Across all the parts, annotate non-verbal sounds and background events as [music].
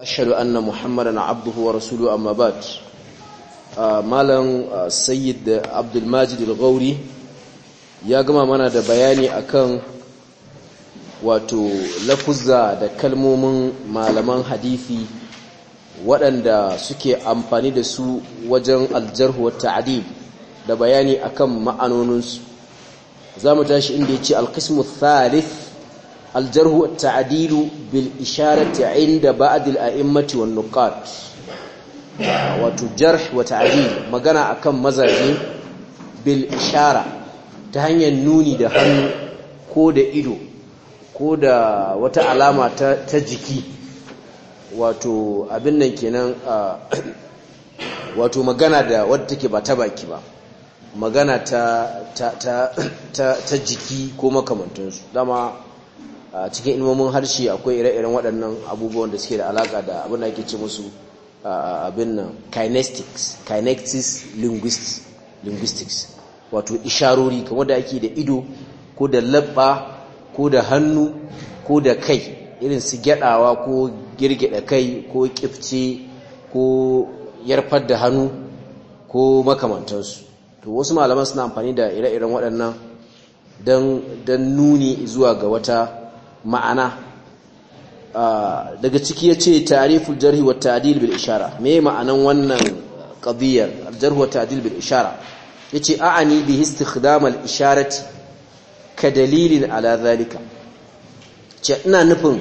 ashhadu anna muhammadan abduhu wa rasuluhu amma ba'd malam sayyid abdul majid al-ghauri ya gama mana da bayani akan wato lafuzza da kalmomin malaman hadisi waɗanda suke amfani da su wajen aljarhu wa ta'dib da bayani akan ma'anoninsu zamu tashi inda yace al-qismu thalith aljarhu ta'adilu bil isharati inda ba'dil a'immati wan nuqat wato jarh wa ta'dil magana akan mazaje bil ishara ta hanyar nuni da hannu ko da ido ko da wata alama ta, jiki wato abin nan kenan wato magana da wadda take ba ta baki ba magana ta, ta, ta, ta jiki ko makamantansu dama a cikin ilmomin harshe akwai ire-iren waɗannan abubuwan da suke da alaƙa da abin da ake ce musu abin nan kinestics kinetics linguistics wato isharori kamar da ake da ido ko da labba ko da hannu ko da kai irin su gyadawa ko girgida kai ko kifce ko yarfar da hannu ko makamantansu to wasu malaman suna amfani da ire-iren waɗannan don nuni zuwa ga wata ma'ana daga ciki yace tariful jarhi wa ta'dil bil ishara me ma'anan wannan qadiyar jarh wa ta'dil bil ishara yace a'ani bi istikhdam al isharati ka dalilin ala zalika ce ina nufin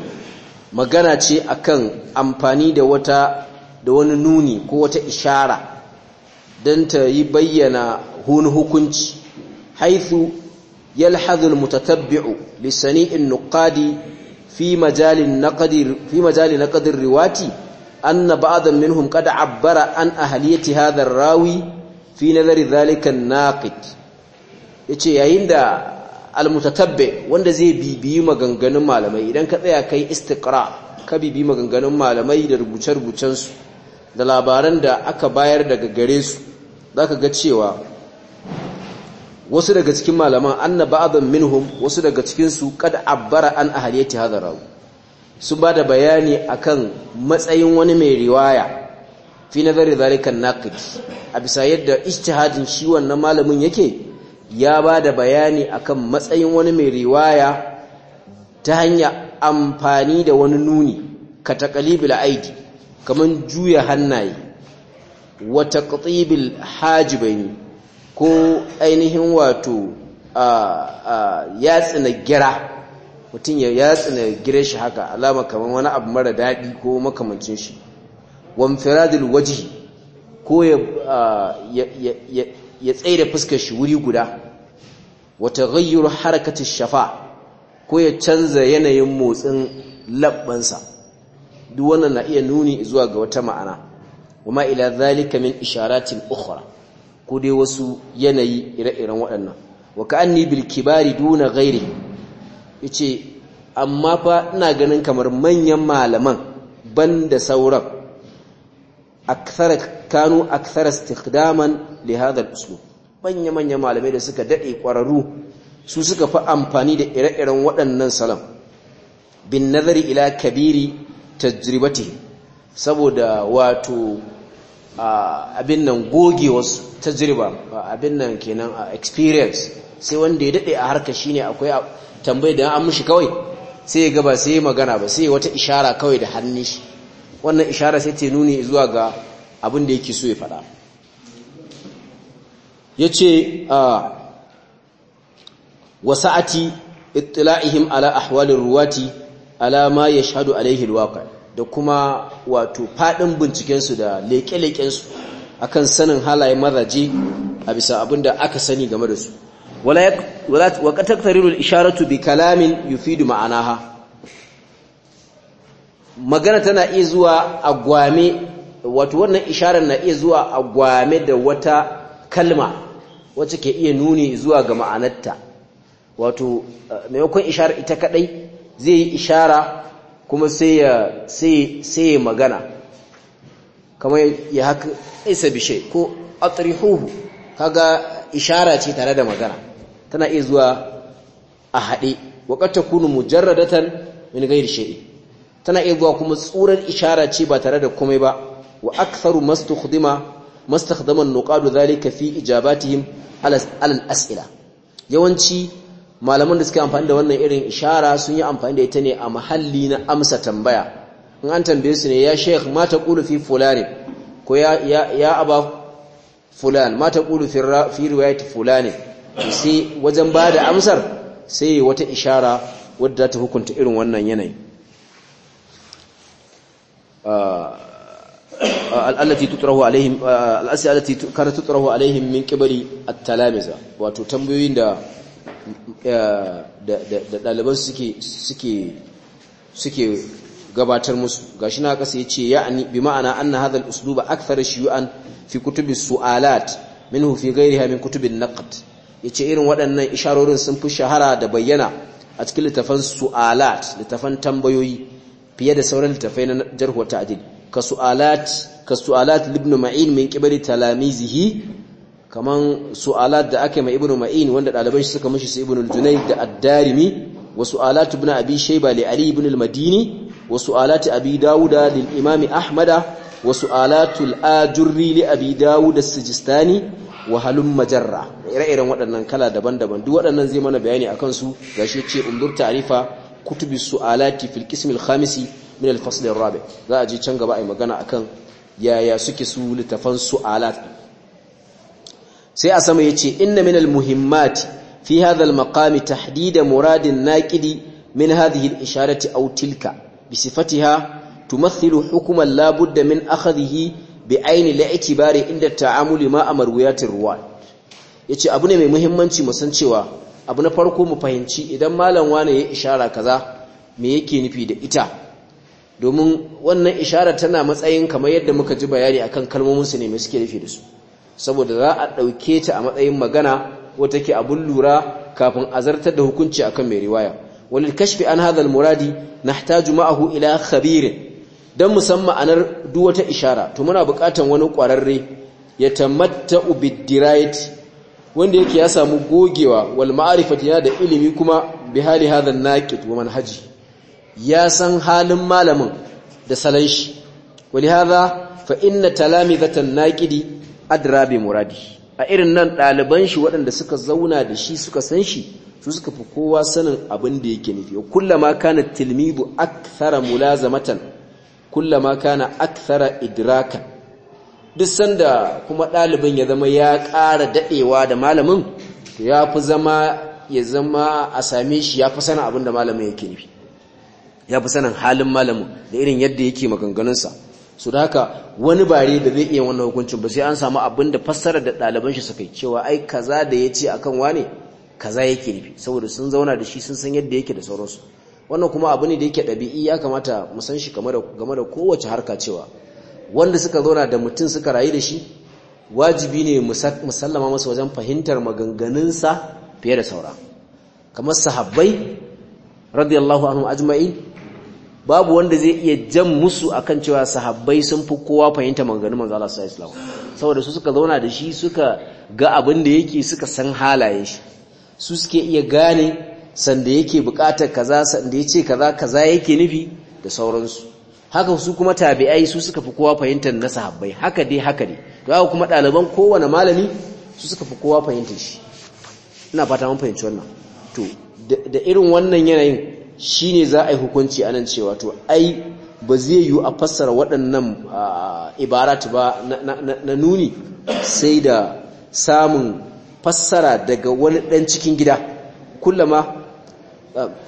magana ce akan amfani da wata da wani nuni ko wata ishara don ta yi bayyana hun hukunci haithu yalhadhu almutatabbi'u li sani'in nuqadi fi majalin naqdi fi majalin naqdi riwati anna ba'dan minhum qad 'abbara an ahliyati hadha rawi fi nazari dhalika an-naqid yace yayin da almutatabbi wanda zai bibiyi maganganun malamai idan ka tsaya kai istiqra ka bibi maganganun malamai da rubuce-rubucensu da labaran da aka bayar daga gare su zaka ga cewa wasu daga cikin malaman anna abin minhum wasu daga cikin su kad abbara an ahliyati hadha rawi sun bada bayani akan matsayin wani mai riwaya fi nazari zalika naqid a bisa yadda ijtihadin shi wannan malamin yake ya ba da bayani akan matsayin wani mai riwaya ta hanya amfani da wani nuni ka taqlibil aidi kaman juya hannaye wa taqtibil hajibaini ko ainihin wato ya tsina gira mutum ya tsina gira shi haka alama kamar wani abu mara daɗi ko makamancin shi wamfiradil waji ko ya tsaye da fuskar shi wuri guda wata gayyar harakatun shafa ko ya canza yanayin motsin labbansa duk wannan na iya nuni zuwa ga wata ma'ana Kuma ila zalika min isharatin ukhra ko dai wasu yanayi ire-iren waɗannan wa ka'anni bil kibari duna ghairi yace amma fa ina ganin kamar manyan malaman banda sauran akthar kanu akthar istiqdaman li hadha al uslub manya malamai da suka dade kwararru su suka fi amfani da ire-iren waɗannan salam bin nazari ila kabiri tajribatihi saboda wato abin nan goge gogewarsu tajriba abin nan kenan a experience sai wanda ya daɗe a harka ne akwai tambayi da an mishi kawai sai ya gaba sai magana ba sai wata ishara kawai da hannun shi wannan ishara sai ta nuni zuwa ga abin da yake so ya faɗa yace wasa'ati ittila'ihim ala ahwalir ruwati ala ma yashhadu alaihi alwaqi da kuma wato faɗin bincikensu da leƙe-leƙensu akan sanin halaye mazaje a bisa abinda aka sani game da su wa kataktarirul isharatu bi kalamin yufidu ma'anaha magana tana iya zuwa a wato wannan isharar na iya zuwa agwame da wata kalma wacce ke iya nuni zuwa ga ma'anarta wato maimakon isharar ita kadai zai yi ishara kuma sai ya sai ya magana kamar ya haka isa bishe ko atrihuhu kaga ishara ce tare da magana tana iya zuwa a haɗe waƙar ta kunu mujarradatan min gairi shay'i tana iya zuwa kuma tsurar ishara ce ba tare da komai ba wa aktharu mastakhdima mastakhdama an-nuqadu dhalika fi ijabatihim ala al-as'ila yawanci malaman da suke amfani da wannan irin ishara sun yi amfani da ita ne a mahalli na amsa tambaya in an tambaye su ne ya sheikh ma qulu fi fulani ko ya ya aba fulan ma qulu fi fi riwayat fulani sai wajen ba da amsar sai wata ishara wadda ta hukunta irin wannan yanayi ah, allati tutrahu alaihim ah, tutrahu alaihim min qibali at-talamiza wato tambayoyin da da ɗaliban suke gabatar musu gashi na kasa yace ya'ni bi ma'ana anna hadal usluba aksar akthar an fi kutubin su sualat Min fi ghayriha min kutubin an Ya ce irin waɗannan isharorin sun fi shahara da bayyana a cikin littafan su'alat littafan tambayoyi fiye da sauran littafai na jarh wa ka su'alat ka su'alat ibn ma'in min kibari talamizihi kaman su'alat da ake mai ibnu ma'in wanda ɗaliban shi suka mishi su Ibn al-junayd da ad-darimi wa su'alat ibn abi shayba li ali ibn al-madini wa su'alat abi li lil imam ahmada wa su'alat al-ajurri li abi dauda as-sijistani wa halum majarra ire-iren waɗannan kala daban-daban duk waɗannan zai mana bayani akan su gashi ce undur ta'rifa kutubi su'alati fil qism al-khamisi min al-fasl rabi za a je can gaba ai magana akan yaya suke su littafan su'alat sai a sama yace inna minal muhimmati fi hadha al-maqami tahdid muradin naƙidi min hadhihi al-isharati aw tilka bi sifatiha tumathilu hukman la budda min akhadhihi bi ayni al-i'tibari inda ta'amuli ma marwuyatin ruwa yace abu ne mai muhimmanci mu san cewa abu na farko mu fahimci idan malam wane ya ishara kaza me yake nufi da ita domin wannan ishara tana matsayin kamar yadda muka ji bayani akan kalmomin su ne mai suke nufi da su saboda za a ɗauke ta a matsayin magana wata ke abun lura kafin a zartar da hukunci akan mai riwaya wani kashfi an hadha muradi juma'a ko ila khabirin dan musamman anar duk wata ishara to muna buƙatar wani ƙwararre ya tamatta ubidiraiti. wanda yake ya samu gogewa wal ma'arifati yana da ilimi kuma bi hali hadha naqid wa manhaji ya san halin malamin da salan shi wali hadha fa inna talamizatan naqidi adra muradi a irin nan ɗaliban shi waɗanda suka zauna da shi suka san shi su suka fi kowa sanin abin da yake nufi ma kana tilmidu akthara mulazamatan ma kana akthara idrakan duk sanda kuma ɗaliban ya zama ya ƙara daɗewa da malamin ya fi zama ya zama a same shi ya fi sanin abin da malamin yake nufi ya fi sanin halin malamin da irin yadda yake maganganunsa su da haka wani bare da zai iya wannan hukuncin ba sai an samu abin da fassara da ɗaliban shi suka yi cewa ai kaza da ya ce akan wane kaza yake nufi saboda sun zauna da shi sun san yadda yake da sauransu wannan kuma abu ne da yake ɗabi'i ya kamata mu san shi game da kowace harka cewa wanda suka zauna da mutum suka rayu da shi wajibi ne mu sallama masa wajen fahimtar maganganunsa fiye da saura kamar sahabbai radiyallahu anhu ajma'in babu wanda zai iya jan musu akan cewa sahabbai sun fi kowa fahimta maganganun manzo Allah sallallahu alaihi saboda su suka zauna da shi suka ga abin da yake suka san halaye shi su suke iya gane sanda yake bukatar kaza sanda yace kaza kaza yake nufi da sauransu haka su kuma tabi'ai su suka fi kowa fahimta na sahabbai haka dai haka ne to haka kuma ɗaliban kowane malami su suka fi kowa fahimta shi ina fata mun fahimci wannan to da irin wannan yanayin Shi ne za a yi hukunci a nan cewa to ai ba zai yiwu a fassara waɗannan ibarat ba na nuni sai da samun fassara daga wani ɗan cikin gida kullama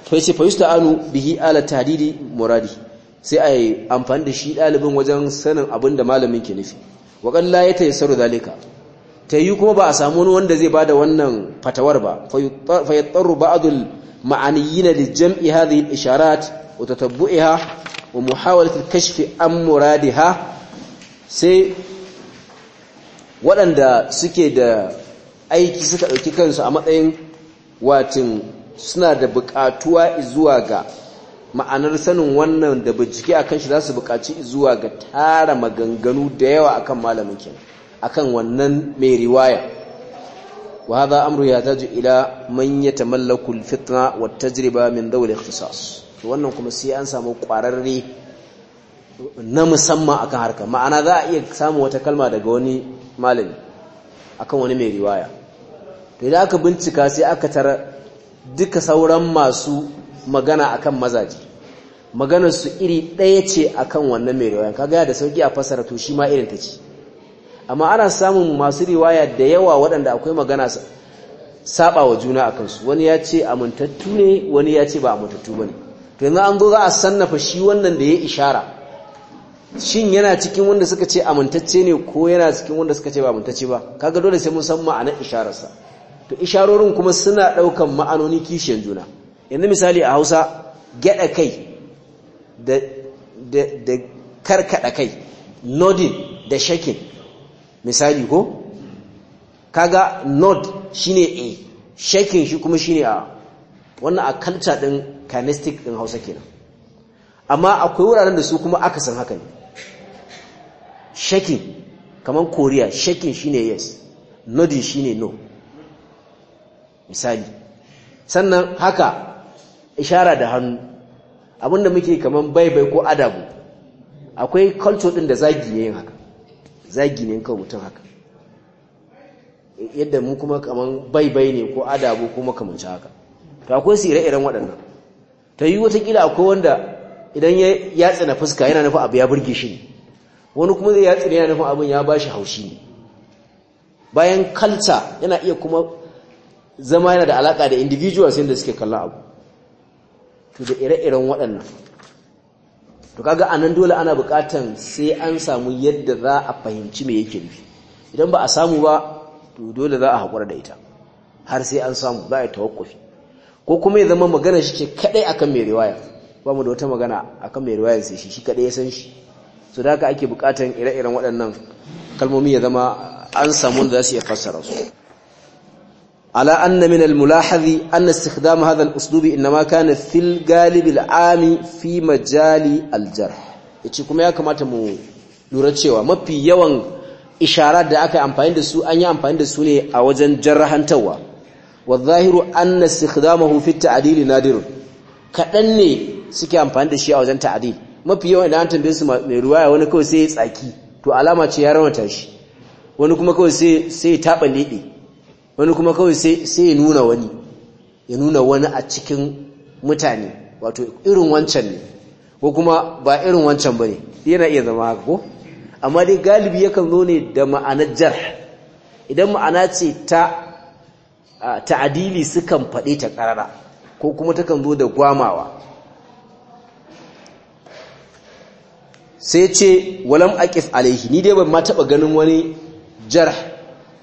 faisi fayusta anu bihi ala tadidi muradi sai a yi amfani da shi ɗalibin wajen sanin abin da malamin ke nufi waƙalla ya saro zalika ta yi kuma ba a samu wanda zai ba da wannan fatawar ba fayattaru ba'adul معنيين لجمع هذه الإشارات وتتبعها ومحاولة الكشف عن مرادها sai waɗanda suke da aiki suka ɗauki kansu a matsayin watin suna da buƙatuwa zuwa ga ma'anar sanin wannan da bincike a kan shi za su buƙaci zuwa ga tara maganganu da yawa akan malamin akan wannan mai riwaya وهذا أمر يحتاج إلى من يتملك الفطنة والتجربة من ذوي الاختصاص wannan kuma sai an samu ƙwararre na musamman akan harka ma'ana za a iya samun wata kalma daga wani malami akan wani mai riwaya to idan aka bincika sai aka tara duka sauran masu magana akan mazaje maganar su iri ɗaya ce akan wannan mai riwaya gaya da sauki a fassara to shi ma irin ta ce amma ana samun masu riwaya da yawa waɗanda akwai magana saba wa juna a kansu wani ya ce amintattu ne wani ya ce ba amintattu ba ne to yanzu an zo za a sannafa shi wannan da ya ishara shin yana cikin wanda suka ce amintacce ne ko yana cikin wanda suka ce ba amintacce ba kaga dole sai mun san ma'anar ishararsa to isharorin kuma suna ɗaukan ma'anoni kishiyar juna yanzu misali a hausa gyaɗa kai da karkaɗa kai nodding da shakin misali ko kaga nod shine a shaking shi kuma shine a wannan a kalta din kinetic din Hausa kenan amma akwai wuraren da su kuma aka san haka ne shakin kaman Korea shakin shine yes nodin shine no misali sannan haka ishara da hannu abinda muke kaman baibai ko adabu akwai culture din da zagi yayin haka zagi ne kawai mutum haka yadda mu kuma kaman baibai ne ko adabu ko makamanci haka to akwai su ire-iren waɗannan ta yi watakila akwai wanda idan ya yatsa na fuska yana nufin abu ya burge shi ne wani kuma zai yatsa yana nufin abin ya ba haushi ne bayan kalta yana iya kuma zama yana da alaƙa da individuals yadda suke kallon abu to da ire-iren waɗannan to kaga anan dole ana bukatan sai an samu yadda za a fahimci me yake nufi idan ba a samu ba to dole za a haƙura da ita har sai an samu za a yi tawakkufi ko kuma ya zama magana shi ke kadai akan mai riwaya ba mu da wata magana akan mai riwaya sai shi shi kadai ya san shi su da ake bukatan ire-iren waɗannan kalmomi ya zama an samu da za su iya fassara su على أن من الملاحظ أن استخدام هذا الأسلوب إنما كان في الغالب العام في مجال الجرح يتشكم يا كما تمو لورتشيوا ما في يوان إشارات دا أكا أمباين دا سو أني أمباين دا سوني أوجن جرحا توا والظاهر أن استخدامه في التعديل نادر كأني سكي أمباين دا شيء أوجن تعديل ما في يوان إذا أنت بيسو رواية ونكو سيس أكي تو علامة يارون تاشي ونكو مكو سي, سي تابا لئي wani kuma kawai sai ya nuna wani ya nuna wani a cikin mutane wato irin wancan ne ko kuma ba irin wancan ba ne yana iya zama haka ko amma dai galibi yakan zo ne da ma'anar jar idan ma'ana ce ta ta'adili sukan faɗe ta karara ko kuma takan zo da gwamawa sai ce walam aqif alaihi ni dai ban ma taɓa ganin wani jarh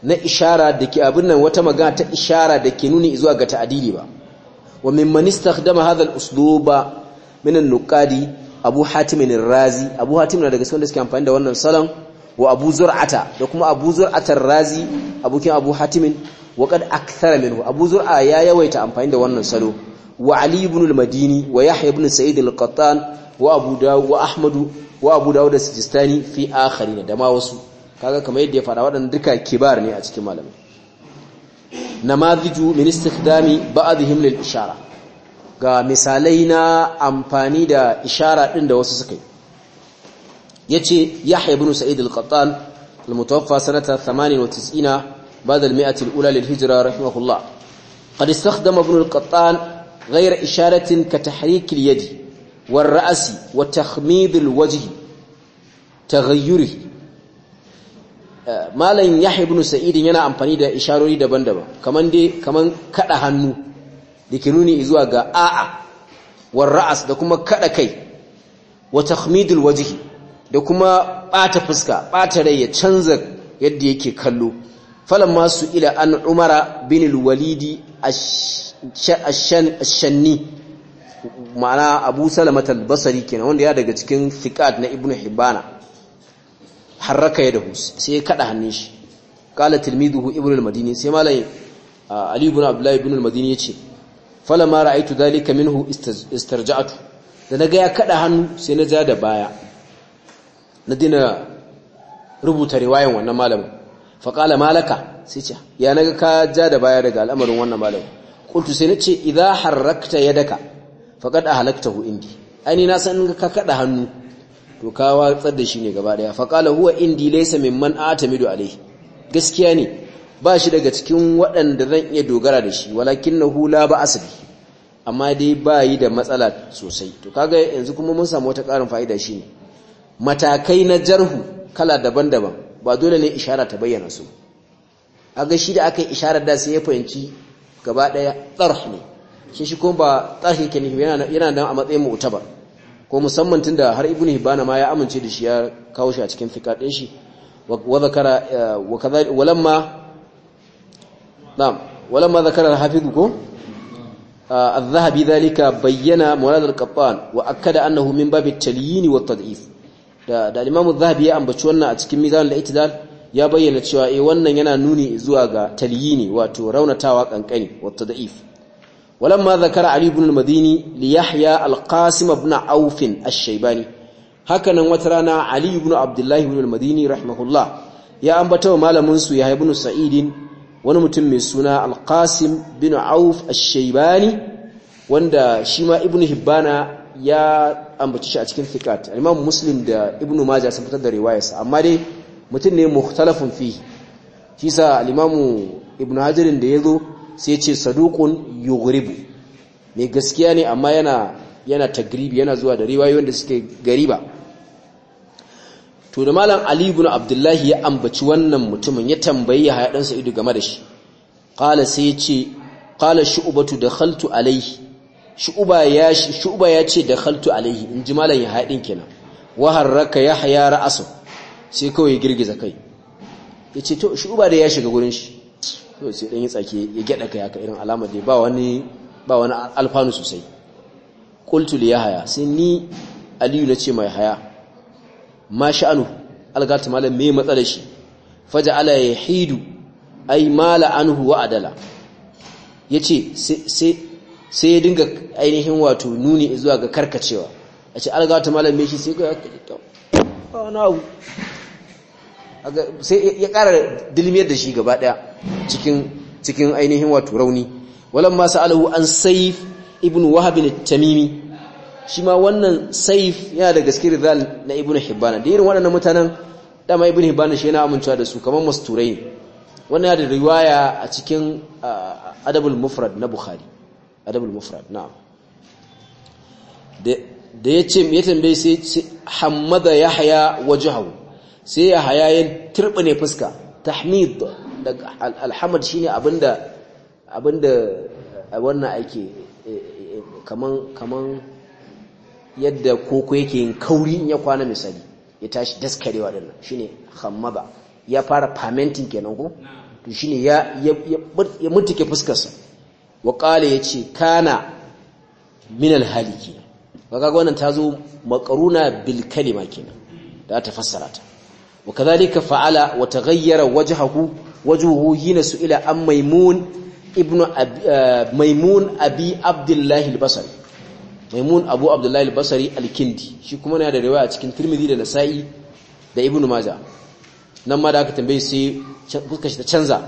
na ishara da ke abin nan wata magana ta ishara da ke nuni zuwa ga ta'adili ba wa mimman istakhdama hadha al-usluba min an-nuqadi Abu Hatim ar-Razi Abu Hatim na daga sunan suke amfani da wannan salon wa Abu Zur'ata da kuma Abu Zur'ata ar-Razi abokin Abu Hatim wa kad akthara minhu Abu Zur'a ya yawaita amfani da wannan salo wa Ali ibn madini wa Yahya ibn Sa'id al wa Abu Dawud wa Ahmad wa Abu Dawud as fi akharin da ma wasu kaga kamar yadda ya fara waɗanda duka kibar ne a cikin malamai namadiju dami istikdami ba'dihim lil ishara ga misalai na amfani da ishara ɗin da wasu suka yi yace yahya ibn sa'id al-qattan al-mutawaffa sanata 98 ba da al-ula lil hijra rahimahullah qad istakhdama ibn al-qattan isharatin ka tahrikil yadi wal-ra'si wa takhmid wajihi wajhi malam yahya ibn sa'id yana amfani da isharori daban-daban kaman dai kaman kada hannu dake nuni zuwa ga a'a war ra'as da kuma kada kai wa takhmidul wajhi da kuma bata fuska bata rai ya canza yadda yake kallo falan masu ila an umara bin walidi ash-shanni ma'ana abu salamah al-basri kenan wanda ya daga cikin thiqat na ibnu hibana harraka ya dahu sai ya kada hannun shi kala tilmiduhu ibn al-madini sai malai ali ibn abdullah ibn al-madini yace falamma ra'aytu dhalika minhu istarja'tu da naga ya kada hannu sai na ja da baya na dina rubuta riwayan wannan malamin fa qala malaka sai ce ya naga ka ja da baya daga al'amarin wannan malamin qultu sai nace idza harrakta yadaka faqad ahlaktahu indi ai na san ka kada hannu to ka watsar da shi ne gaba daya faqala huwa indi laysa mimman atamidu alayhi gaskiya ne ba shi daga cikin waɗanda zan iya dogara da shi Walakin walakinahu la ba asali. amma dai ba yi da matsala sosai to kaga yanzu kuma mun samu wata ƙarin fa'ida shi ne matakai na jarhu kala daban-daban ba dole ne ishara ta bayyana su aga shi da aka yi isharar da sai ya fahimci gaba daya tsarh ne shi shi kuma ba tsarh ke ne yana nan a matsayin ba. ko musamman tunda har ibnu hibana ma ya amince da shi ya kawo shi a cikin fiqh din shi wa zakara eh, wa walamma na'am walamma zakara al-hafiz ko الذهبي ذلك بين مراد القطان واكد انه من باب التليين da da Imam Zahabi ya ambaci wannan a cikin Mizan al-I'tidal ya bayyana cewa eh wannan yana nuni zuwa ga talyini wato raunatawa kankani wa tad'if ولما ذكر علي بن المديني ليحيى القاسم بن عوف الشيباني هكذا وترانا علي بن عبد الله بن المديني رحمه الله يا أنبتو مالمون سو يحيى بن سعيد ونمتم من سنة القاسم بن عوف الشيباني وند شما ابن هبانا يا ambaci shi a ثقات fiqat مسلم دا ابن Ibn Majah دا fitar da riwayarsa amma dai mutum ne mukhtalafun fi shi sa al-Imam sai ce saduqun yughribu mai gaskiya ne amma yana yana tagribi yana zuwa da riwayoyin da suke gariba to da malam ali ibn abdullahi ya ambaci wannan mutumin ya tambayi ya dan sa'idu game da shi qala sai yace qala shu'batu dakhaltu alayhi shu'ba ya shu'ba yace dakhaltu alayhi inji malam ya hadin kenan wa harraka yahya ra'su sai kawai girgiza kai yace to shu'ba da ya shiga gurin shi to sai dan yi tsake ya gyada kai aka irin alama dai ba wani ba wani alfanu sosai qultu li yahya sai ni aliyu nace mai haya ma sha'anu algata malam me matsalar shi faja ala yahidu ai mala anhu wa adala yace sai sai ya dinga ainihin wato nuni zuwa ga karkacewa a ce algata malam me shi sai ga na sai ya ƙara dilmiyar da shi gaba ɗaya cikin cikin ainihin wato rauni walamma sa'alahu an saif ibn wahab al-tamimi shi wannan saif yana da gaske rizal na ibn hibban da irin wannan mutanen dama ibn hibban shi yana amincewa da su kamar masturai wannan yana da riwaya a cikin adabul mufrad na bukhari adabul mufrad na'am da ya ce ya tambaye sai hammada yahya wajhahu sai yahya ya turbine fuska tahmid alhamad shine abinda abinda eh, wannan ake eh, eh, kaman kaman yadda koko yake yin kauri ya kwana misali ya tashi daskarewa din nan shine hammada ya fara fermenting kenan ko to shine ya ya mutuke fuskar sa wa qala yace kana min alhaliki kaga wannan tazo makaruna bil kalima kenan da ta fassara ta fa'ala wa وتغير وجهه wajuhu hina su'ila an maimun ibnu maimun abi abdullahi al maimun abu abdullahi al-basri al-kindi shi kuma yana da riwaya cikin tirmidhi da nasa'i da ibnu maja nan ma da aka tambaye sai fuskar shi ta canza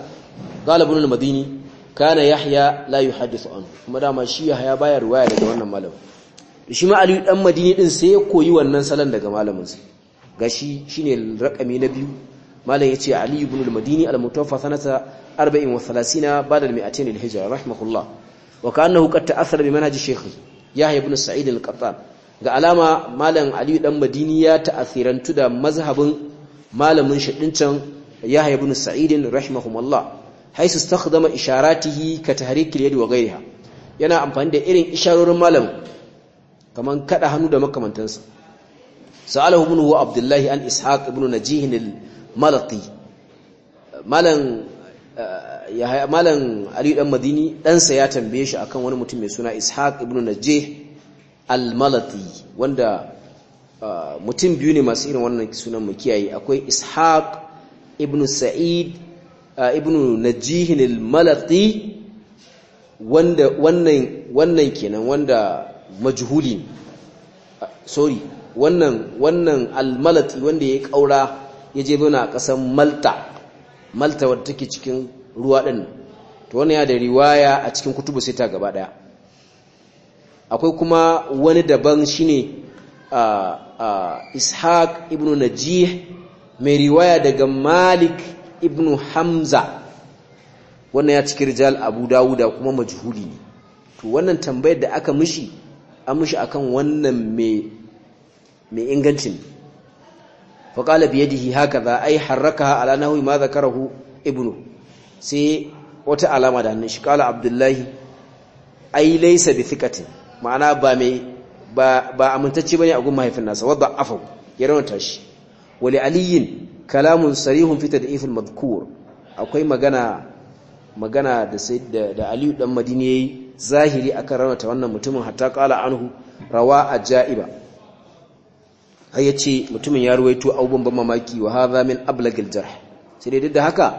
galibin al-madini kana yahya la yuhaddithu an kuma dama shi yahya baya riwaya daga wannan malamin shi ma aliyu dan madini din sai ya koyi wannan salon daga malamin sa gashi shine rakami na biyu malam yace ali ibn al-madini al-mutawaffa sanata 34 ba'da al-mi'atayn al-hijra rahimahullah wa ka'annahu qad ta'athara bi manhaj shaykhi yahya ibn sa'id al-qattan ga alama malam ali dan madini ya ta'athirantu da mazhabin malamin shi dincan yahya ibn sa'id rahimahullah haisu istakhdama isharatihi ka tahrik al-yad wa ghayriha yana amfani da irin isharorin malamin kaman kada hannu da makamantansa sa'alahu ibn wa abdullah an ishaq ibn najih malati malam eh, malam aliyu dan madini ɗansa ya tambaye shi akan wani mutum mai suna ishaq ibn najih al-malati wanda eh, mutum biyu ne masu irin wannan sunan mu kiyaye akwai ishaq ibn sa'id eh, ibn najih al-malati wannan wannan kenan wanda majhuli sorry wannan wannan al-malati wanda ya kaura ya je zauna a ƙasar malta malta wadda take cikin ruwa ɗin to wani ya da riwaya a cikin kutubu sai ta gaba ɗaya akwai kuma wani daban shine ishaq ibn najih mai riwaya daga malik ibn hamza wannan ya cikin rijal abu dawuda kuma majhuli ne to wannan tambayar da aka mishi an mishi akan wannan mai ingancin fa qala bi yadihi hakaza ai harrakaha ala nahwi ma zakarahu ibnu sai wata alama da hannun shi qala abdullahi ai laysa bi thiqatin ma'ana ba mai ba ba amintacce bane a gun mahaifin nasa wadda afu ya rawanta shi wa li aliyin kalamun sarihun fi tad'if al-madhkur akwai magana magana da da aliyu dan madini yayi zahiri akan rawanta wannan mutumin hatta qala anhu rawa ajaiba har ya ce mutumin ya ruwaito abun ban mamaki wa hadha min ablagil jarh sai dai duk da haka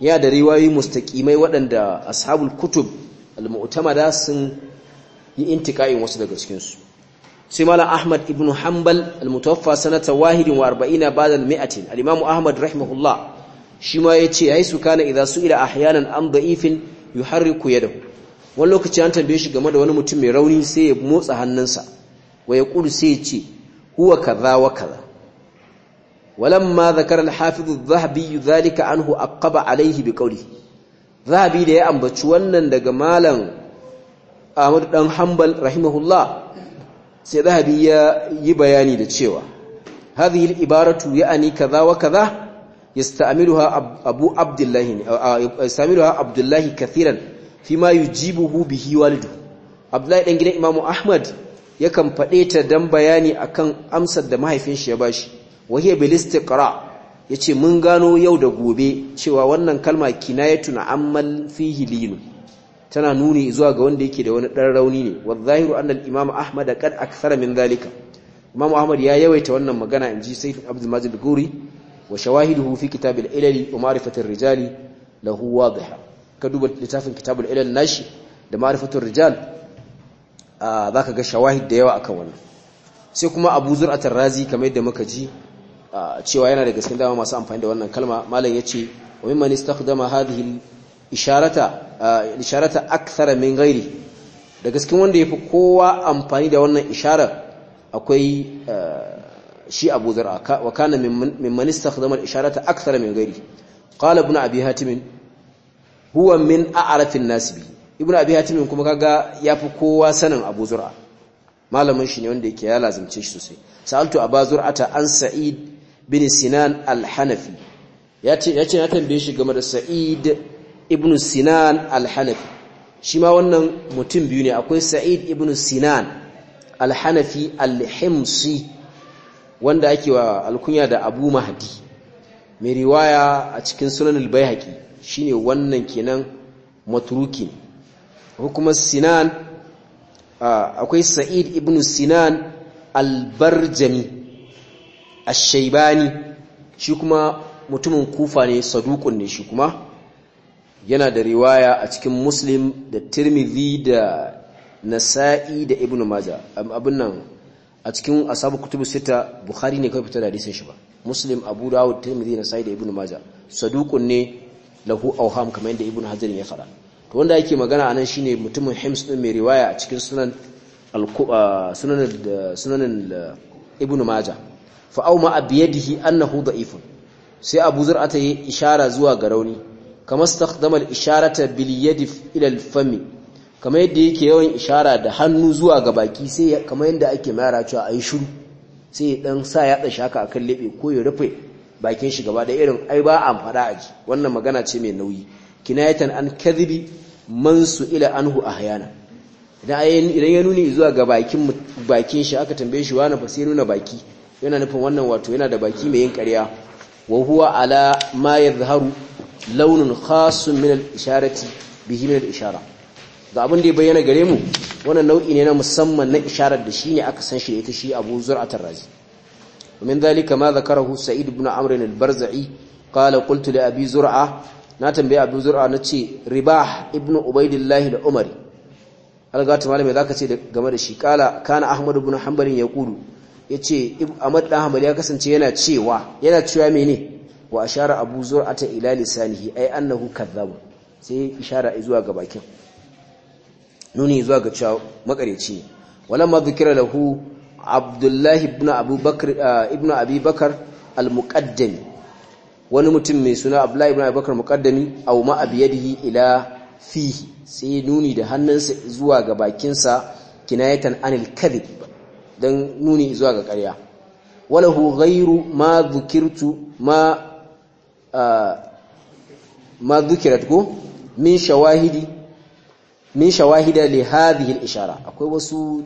ya da riwayoyi mustaqimai waɗanda ashabul kutub al-mu'tamada sun yi intiqa'in wasu daga cikin su sai malam ahmad ibnu hanbal al-mutawaffa sanata 41 ba'da al-mi'atin al-imam ahmad rahimahullah shi ma yace ai su kana idza su'ila ahyanan an da'ifin yuharriku yadahu wani lokaci an tambaye shi game da wani mutum mai rauni sai ya motsa hannunsa wa ya qulu sai ya ce huwa kaza wa kaza walamma zakara al-hafiz adh-dhahabi dhalika anhu aqaba alayhi biqawlihi dhahabi da ya ambaci wannan daga malam Ahmad dan Hanbal rahimahullah sai dhahabi ya yi bayani da cewa hadhihi al-ibaratu ya'ni kaza wa Abdullahi yasta'miluha abu abdullah yasta'miluha abdullah kathiran fima yujibuhu bihi walidu abdullah dan gidan imamu ahmad yakan faɗe ta dan bayani akan amsar da mahaifin shi ya bashi wahiya bil ya yace mun gano yau da gobe cewa wannan kalma kinayatun ammal fihi linu tana nuni zuwa ga wanda yake da wani dan rauni ne wadhahiru anna al-imam ahmad qad akthara min zalika imam ahmad ya yawaita wannan magana ji saifin abdul majid guri wa shawahiduhu fi kitab al-ilal wa ma'rifat rijal lahu wadiha ka duba littafin kitab al-ilal nashi da ma'rifatu rijal za ka ga shawahid da yawa a kan wannan sai kuma abu zur a tarrazi kamar yadda muka ji cewa yana da gaskin dama masu amfani da wannan kalma malam ya ce wa mimman istakhdama hadhihi isharata isharata akthar min ghairi da gaskin wanda yafi kowa amfani da wannan isharar akwai shi abu zur wa kana mimman istakhdama isharata akthar min ghairi qala ibn abi hatim huwa min a'rafin nasibi ibnu abi hatim kuma kaga yafi kowa sanin abu zur'a malamin shi ne wanda yake ya lazimce shi sosai sa'altu abu zur'ata an sa'id bin sinan al-hanafi yace yace ya tambaye shi game da sa'id ibn sinan al-hanafi shi ma wannan mutum biyu ne akwai sa'id ibn sinan al-hanafi al-himsi wanda ake wa alkunya da abu mahdi mai riwaya a cikin sunan al bayhaqi shine wannan kenan matrukin ko kuma sinan akwai sa'id ibn sinan albarjami ashaibani shi kuma mutumin kufa ne sadukun ne shi kuma yana da riwaya a cikin muslim da tirmidhi da nasa'i da ibn maja abin nan a cikin asabu kutubu sita bukhari ne kai fita da hadisin shi ba muslim abu dawud tirmidhi nasa'i da ibn maja sadukun ne lahu auham kamar yadda ibn hajar ya faɗa to wanda yake magana anan shine mutumin hims din mai riwaya a cikin sunan sunan sunan ibn majah fa auma abiyadihi annahu da'ifun sai abu ata yi ishara zuwa ga rauni kamar istakhdama al-isharata bil yadi ila al-fami kamar yadda yake yawan ishara da hannu zuwa ga baki sai kamar yadda ake mayara cewa ayi shiru sai ya dan sa ya tsaya haka akan lebe ko ya rufe bakin shi gaba da irin ai ba an fada aji wannan magana ce mai nauyi kinayatan an kadhibi man su ila anhu hayana idan ya nuni zuwa ga bakin shi aka tambaye shi wani fa sai nuna baki yana nufin wannan wato yana da baki mai yin ƙarya wa huwa ala ma yadhharu launun khasun min al-isharati bihi min ishara ga abin da ya bayyana gare mu wannan nau'i ne na musamman na isharar da shi ne aka san shi da ita shi Abu Zur'at ar-Razi min dhalika ma dhakarahu Sa'id ibn Amr al-Barza'i qala qultu li Abi Zur'a na tambaya abu zura na ce ribah ibnu ubaidillahi da umari algatu malami za ka ce game da shi kala kana ahmadu ibn hanbalin ya kudu ya ce ahmad dan hanbali ya kasance yana cewa yana cewa mene wa ashara abu zura ta ila lisanihi ai annahu kadhab sai ishara zuwa ga bakin nuni zuwa ga cewa makareci walamma zikira lahu abdullahi ibn abubakar ah, ibn abi bakar al-muqaddami wani mutum mai suna abdullahi ibn abubakar muqaddami aw ma abiyadihi ila fihi sai nuni da hannunsa zuwa ga bakinsa kinayatan anil kadhib dan nuni zuwa ga ƙarya walahu ghairu ma dhukirtu ma ma ko min shawahidi min shawahida li hadhihi al ishara akwai wasu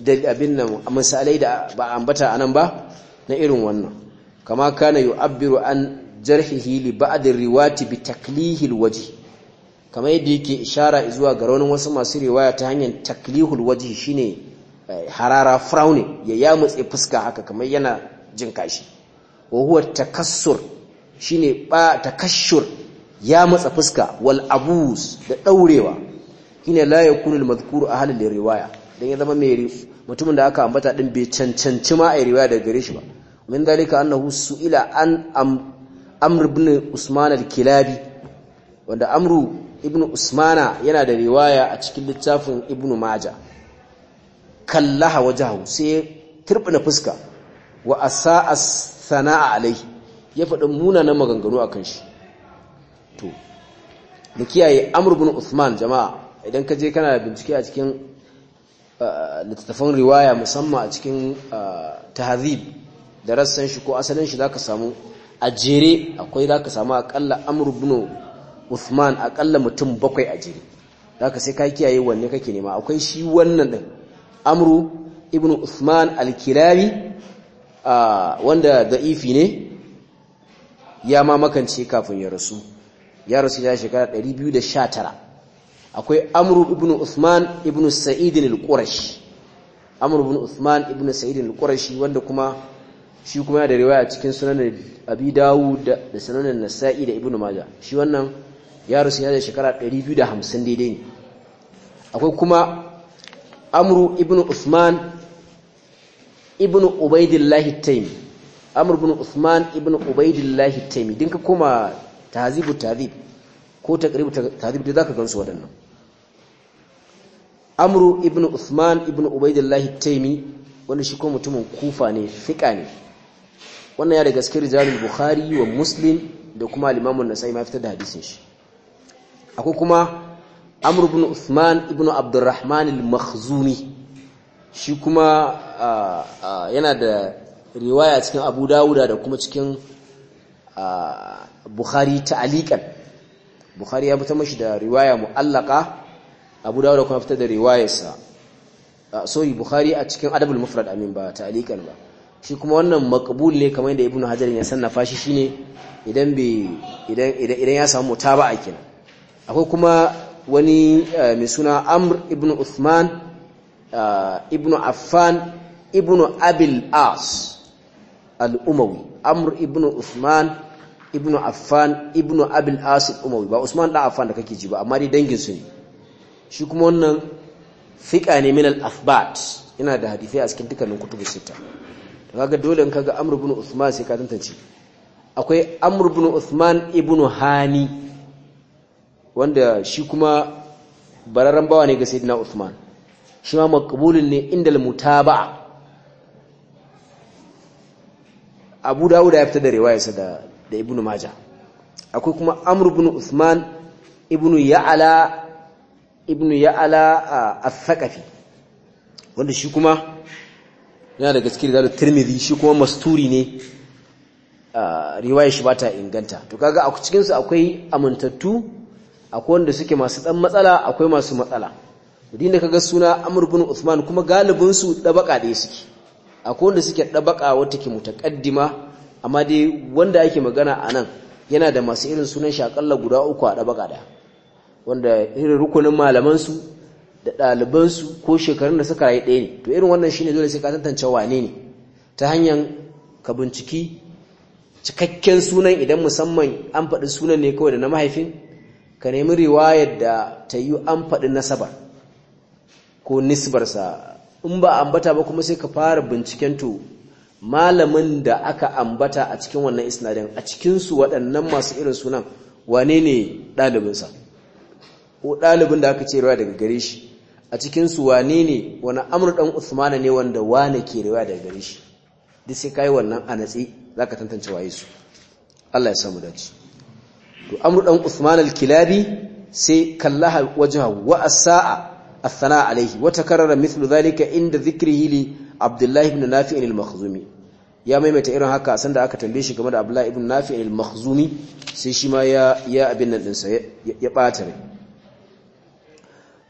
da abin nan misalai da ba ambata anan ba na irin wannan kama kana yu'abbiru an jarhihi li ba'd riwati bi taklihil waji kama yadda yake ishara zuwa ga raunin wasu masu riwaya ta hanyar taklihul waji shine eh, harara frowning ya yamutse fuska haka kamar yana jin kashi wa huwa takassur shine ba takashshur ya matsa fuska wal abus da daurewa shine la yakunu al madhkur ahli riwaya dan ya zama mai mutumin da aka ambata din bai cancanci ma ai riwaya daga gare shi ba min dalika annahu su'ila an amr ibn usman al-kilabi wanda amru ibn usmana yana da riwaya a cikin littafin ibn maja kallaha wajahu sai turbina fuska wa asaa sanaa alaihi ya faɗi munanan maganganu akan shi to da kiyaye amr ibn usman jama'a idan ka je kana bincike a cikin littattafan riwaya musamman a cikin tahzib da rassan shi ko asalin shi zaka samu a jere akwai zaka samu akalla amru ibn Uthman akalla mutum bakwai a jere zaka sai ka kiyaye wanne kake nema akwai shi wannan din amru ibn Uthman al-Kilabi wanda da'ifi ne ya ma makance kafin ya rasu ya rasu ya shekara 219 akwai amru ibn Uthman ibn Sa'id al-Qurashi amru ibn Uthman ibn Sa'id al-Qurashi wanda kuma shi kuma yana da riwaya cikin sunanin abi dawud da sunanin nasa'i da ibnu maja shi wannan ya rusu ya da shekara 250 daidai ne akwai kuma amru ibnu usman ibnu ubaidillahi taimi amru ibnu usman ibnu ubaidillahi taimi din ka koma tahzibu tahzib ko taqribu tahzib da zaka gansu waɗannan amru ibnu usman ibnu ubaidillahi taimi wanda shi ko mutumin kufa ne fika ne wannan ya da gaske rijalul bukhari wa muslim da kuma limamun nasai ma fita da hadisin shi akwai kuma amr ibn uthman ibn abdurrahman al-makhzumi shi kuma yana da riwaya cikin abu dawuda da kuma cikin bukhari ta'aliqan bukhari ya fitar mashi da riwaya mu'allaka abu dawuda kuma fita da riwayarsa sorry bukhari a cikin adabul mufrad amin ba ta'aliqan ba shi kuma wannan makabul ne kamar yadda ibnu hajar ya sanna fashi shine idan bai idan idan ya samu a kenan akwai kuma wani eh, mai suna amr ibnu usman eh, ibnu affan ibnu abil as al-umawi amr ibnu usman ibnu affan ibnu abil as al-umawi ba usman da affan da kake ji ba amma dai dangin su ne shi kuma wannan fiqa ne min al-athbat yana da hadisi a cikin dukkanin kutubus sita kaga dole in kaga amr ibn usman sai ka tantance akwai amr ibn usman ibn hani wanda shi kuma bararren bawa ne ga sayyidina usman shi ma maqbulun ne inda al-mutaba'a abu dawud ya fita da riwayarsa da da ibn majah akwai kuma amr ibn usman ibn ya'ala ibn ya'ala al-thaqafi wanda shi kuma yana da cikin da tirmidhi shi kuma masturi ne riwaya shi bata inganta to kaga a cikinsu akwai amintattu akwai wanda suke masu dan matsala akwai masu matsala kudin da kaga suna Amr ibn usman kuma galibin su dabaka da suke akwai wanda suke dabaka wata ke mutaqaddima amma dai wanda yake magana anan yana da masu irin sunan shi akalla guda uku a dabaka da wanda irin rukunin malaman su da ɗalibansu ko shekarun da suka rayu ɗaya ne to irin wannan shine dole sai ka tantance wane ne ta hanyar ka binciki cikakken sunan idan musamman an faɗi sunan ne kawai da na mahaifin ka nemi riwayar da ta yi an faɗi nasabar ko nisbarsa in ba ambata ba kuma sai ka fara binciken to malamin da aka ambata a cikin wannan isnadin a cikinsu waɗannan masu irin sunan wane ne ɗalibinsa ko ɗalibin da aka ce ruwa daga gare shi a cikin su wane ne wani amur dan usmana ne wanda wane ke riwaya daga gare shi duk sai kai wannan a natsi zaka tantance waye su Allah ya samu dace to amur dan usman al-kilabi sai kallaha wajhahu wa as-sa'a الثناء عليه وتكرر مثل ذلك عند ذكره لعبد Ibn بن al المخزومي ya maimaita irin haka sanda aka tambaye shi game da Abdullah ibn Nafi al-Makhzumi sai shi ma ya ya abin nan dinsa ya bata rai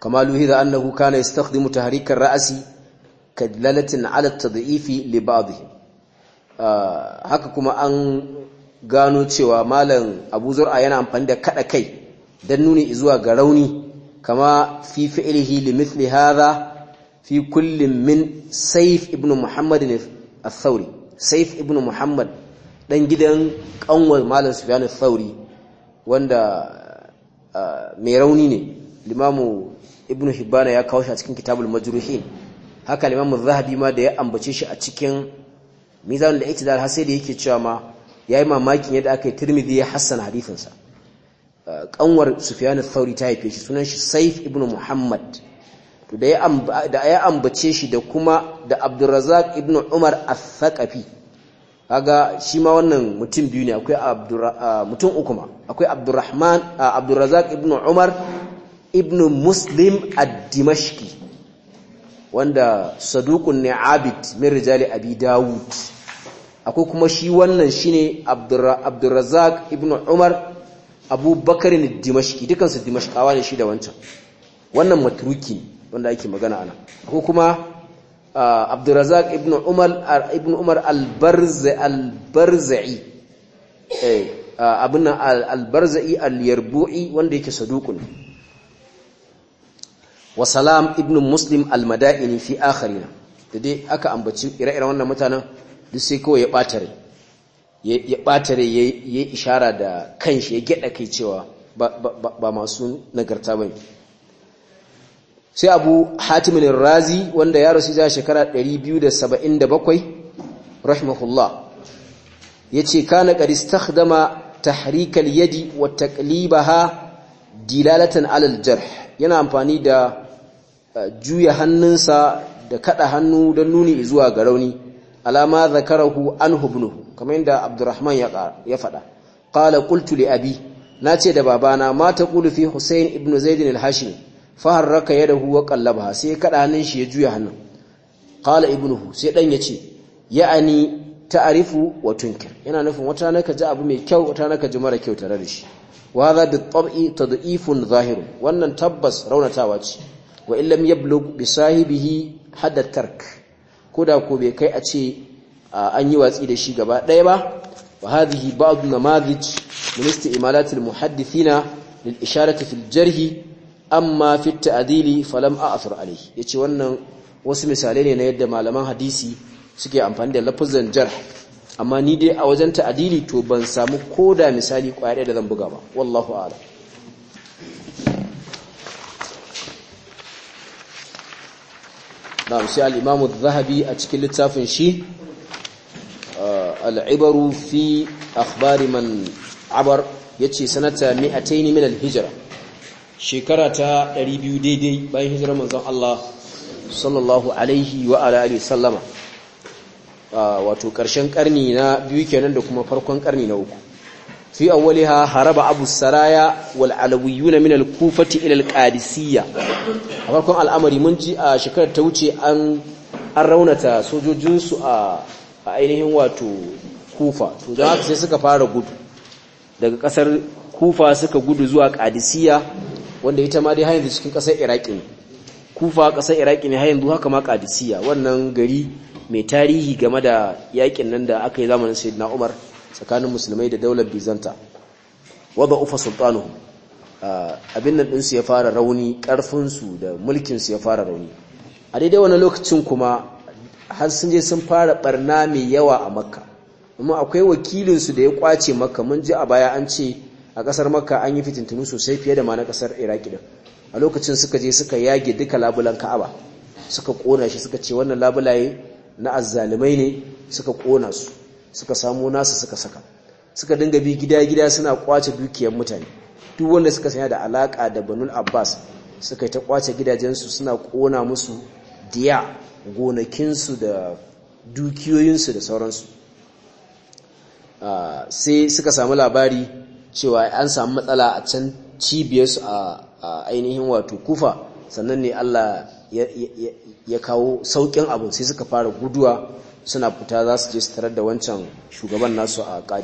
kama luhiza annahu kana yastakhdimu tahrik ar-ra'si kadlalatin 'ala at-tad'if li haka kuma an gano cewa malam Abu Zur'a yana amfani da kada kai dan nuni zuwa ga rauni kama fi fi'lihi li mithli hadha fi kullin min Saif ibn Muhammad al-Thawri Saif ibn Muhammad dan gidan kanwar malam Sufyan al-Thawri wanda mai rauni ne limamu ibnu hibbana ya kawo shi a cikin kitabul majruhin haka limamu zahabi ma da ya ambace shi a cikin da i'tidal har sai da yake cewa ma yayi mamakin yadda aka yi tirmidhi ya hassana hadisin sa kanwar uh, sufyan al-thawri ta haife shi sunan shi saif Ibn muhammad to da ya da ambace shi da kuma da abdurrazzaq Ibn umar al-thaqafi kaga shi ma wannan mutum biyu ne akwai uh, mutum uku ma akwai abdurrahman uh, abdurrazzaq ibnu umar ibn muslim ad-dimashqi wanda saduqun ne abid min rijali abi dawud akwai kuma shi wannan shine abdurrazzaq ibn umar abubakar ne dimashqi dukansu dimashqawa ne shi da wancan wannan matruki wanda ake magana ana akwai kuma abdurrazak ibn umar ibn umar al albarzai eh abin albarzai alyarbu'i wanda yake saduqun wa salam ibn muslim al-mada'ini fi akharina da dai aka ambaci ire-iren wannan mutanen duk sai kawai ya ɓatare ya ɓatare ya yi ishara da kanshi ya gyaɗa kai cewa ba masu nagarta ba sai abu hatimin razi wanda ya rasu za shekara 277 rahimahullah ya ce kana ƙaristar dama tahrikal yadi wa taƙlibaha dilalatan alal jarh yana amfani da Eh, juya hannunsa da kada hannu don nuni zuwa ga rauni alama zakarahu an hubnu kamar yadda abdurrahman ya faɗa qala qultu li abi nace da babana mata taqulu fi husayn ibn zaid al-hashimi ya yadahu wa qallabaha sai kada hannun shi ya juya hannun qala ibnuhu sai dan yace ya'ani ta'rifu wa tunkir yana nufin wata naka ji abu mai kyau wata naka ji mara kyau tare da shi wa hadha bi da tad'ifun zahiru wannan tabbas raunatawa ce wa illam yablug bi sahibihi hadda tark koda ko bai kai a ce an yi watsi da shi gaba ɗaya ba wa hadhihi ba'd namadij min isti'malat al muhaddithina lil isharati fil jarh amma fi ta'dili falam a'thur alayhi yace wannan wasu misalai ne na yadda malaman hadisi suke amfani da lafazan jarh amma ni dai a wajen ta'dili to ban samu koda misali kwaya da zan buga ba wallahu a'lam na'am sai al-imam zahabi a cikin littafin shi uh, al-ibaru fi akhbari man abar yace sanata 200 min al-hijra shekara ta 200 daidai bayan hijirar manzon Allah sallallahu alaihi wa ala alihi sallama uh, wato karshen karni na biyu kenan da kuma farkon karni na uku fi awwaliha haraba abu saraya wal alawiyuna min al kufati ila al qadisiyya a farkon al'amari mun ji a shekarar ta wuce an an raunata sojojinsu a ainihin wato kufa to don haka sai suka fara gudu daga kasar kufa suka gudu zuwa qadisiyya wanda ita ma dai har yanzu cikin kasar iraki ne kufa kasar iraki ne har yanzu haka ma qadisiyya wannan gari mai tarihi game da yakin nan da aka yi zamanin sayyidina umar tsakanin musulmai da daular bizanta wadda ufa sultanu ah, abin nan ɗinsu ya fara rauni ƙarfinsu da mulkinsu ya fara rauni a daidai wani lokacin kuma har sun je sun fara ɓarna mai yawa a makka amma akwai wakilinsu da ya kwace makka mun ji a baya an ce a ƙasar makka an yi fitintunu sosai fiye da ma na ƙasar iraki din a lokacin suka je suka yage duka labulan ka'aba suka ƙona shi suka ce wannan labulaye na azzalumai ne suka ƙona su suka samu nasu suka saka suka dinga bi gida-gida suna kwace dukiyar mutane duk wanda suka sanya da alaka da banul abbas suka yi ta kwace gidajensu suna kona musu diya gonakinsu da dukiyoyinsu da sauransu ah, sai suka samu labari cewa an samu matsala a can cibiyarsu a ainihin wato kufa sannan ne allah ya kawo saukin abin sai suka fara guduwa suna fita za su je su tarar da wancan shugaban nasu a khala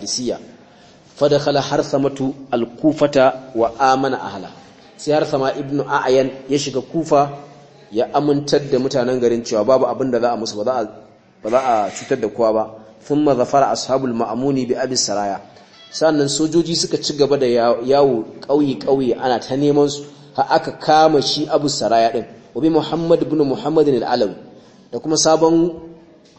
fadakhala harsamatu al-kufata wa amana ahla sai har harsama ibnu a'yan ya shiga kufa ya amintar da mutanen garin cewa babu abin da za a musu ba za a cutar da kowa ba thumma zafara ashabul ma'amuni bi abi saraya sannan sojoji suka ci gaba da yawo kauyi kauyi ana ta neman su har aka kama shi abu saraya din wabi muhammad ibn muhammad al-alawi da kuma sabon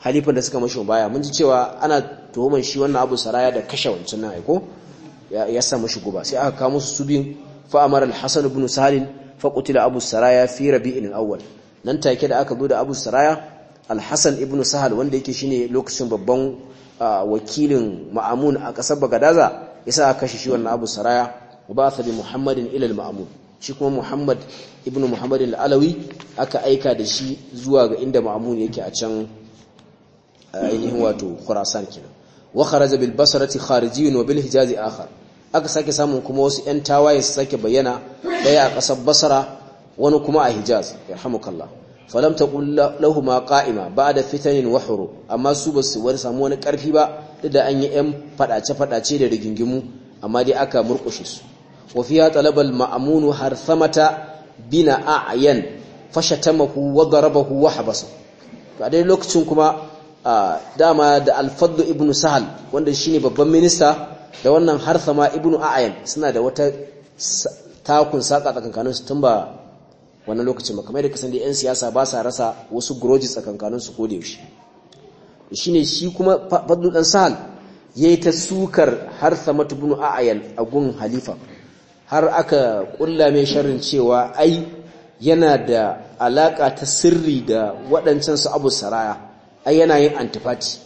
halifan da suka mashi baya mun ji cewa ana tuhumar shi wannan abu saraya da kashe wancan nan aiko ya sa mashi guba sai aka kawo musu su biyun fa amara al-hasan ibn salim fa abu saraya fi rabi'in al-awwal nan take da aka zo da abu saraya al-hasan ibn sahal wanda yake shine lokacin babban wakilin ma'amun a kasar bagadaza yasa aka kashe shi wannan abu saraya ba bi muhammadin ila al shi kuma muhammad ibn muhammadin al-alawi aka aika da shi zuwa ga inda ma'amun yake a can ainihin wato khurasan kenan wa kharaja bil basrati kharijiyun wa bil hijaz akhar aka sake samun kuma wasu ƴan tawaye su sake bayyana daya a ƙasar basara wani kuma a hijaz yarhamukallah falam taqul ma qa'ima ba'da fitanin wa huru amma su basu wani samu wani karfi ba duk da an yi ƴan fadace fadace da rigingimu amma dai aka murkushe su wa fiha talabal har samata bina a'yan fashatamahu wa darabahu wa habasa to a dai lokacin kuma dama da alfadlu ibn sahal wanda shine babban minista da wannan harsama ibn a'ayan suna da wata takun saka tsakankanin su tun ba wannan lokacin ba kamar da kasan da yan siyasa ba sa rasa wasu groji tsakankanin su ko da yaushe shine shi kuma fadlu dan sahal yayi ta sukar harsama ibn a'ayan a gun halifa har aka kulla mai sharrin cewa ai yana da alaƙa ta sirri da waɗancan su abu saraya ai yana yin antifati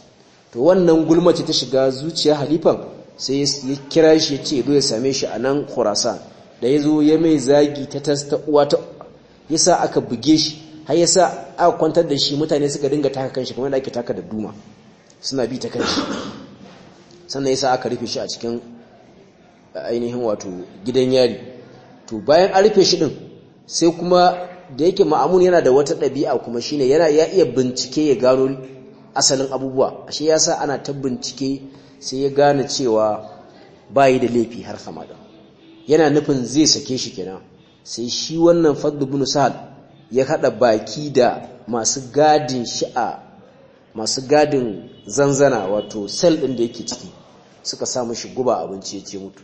to wannan gulma ta shiga zuciya halifan sai ya kira shi ya ce zo ya same shi a nan kurasa, da ya zo ya mai zagi ta tasta uwa ta ya sa aka buge shi har ya sa aka kwantar da shi mutane suka dinga taka kanshi kamar da ake taka da duma suna bi ta kanshi sannan ya sa aka rufe shi a cikin ainihin wato gidan yari to bayan an rufe shi din sai kuma da yake ma'amun yana da wata ɗabi'a kuma shine yana ya iya bincike ya gano asalin abubuwa ashe ya sa ana ta bincike sai ya gane cewa bayi da laifi har hamada yana nufin zai sake shi kenan sai shi wannan fadlu bin sahal ya haɗa baki da masu gadin shi'a masu gadin zanzana wato sel din da yake ciki suka sa shi guba abinci ya ce mutu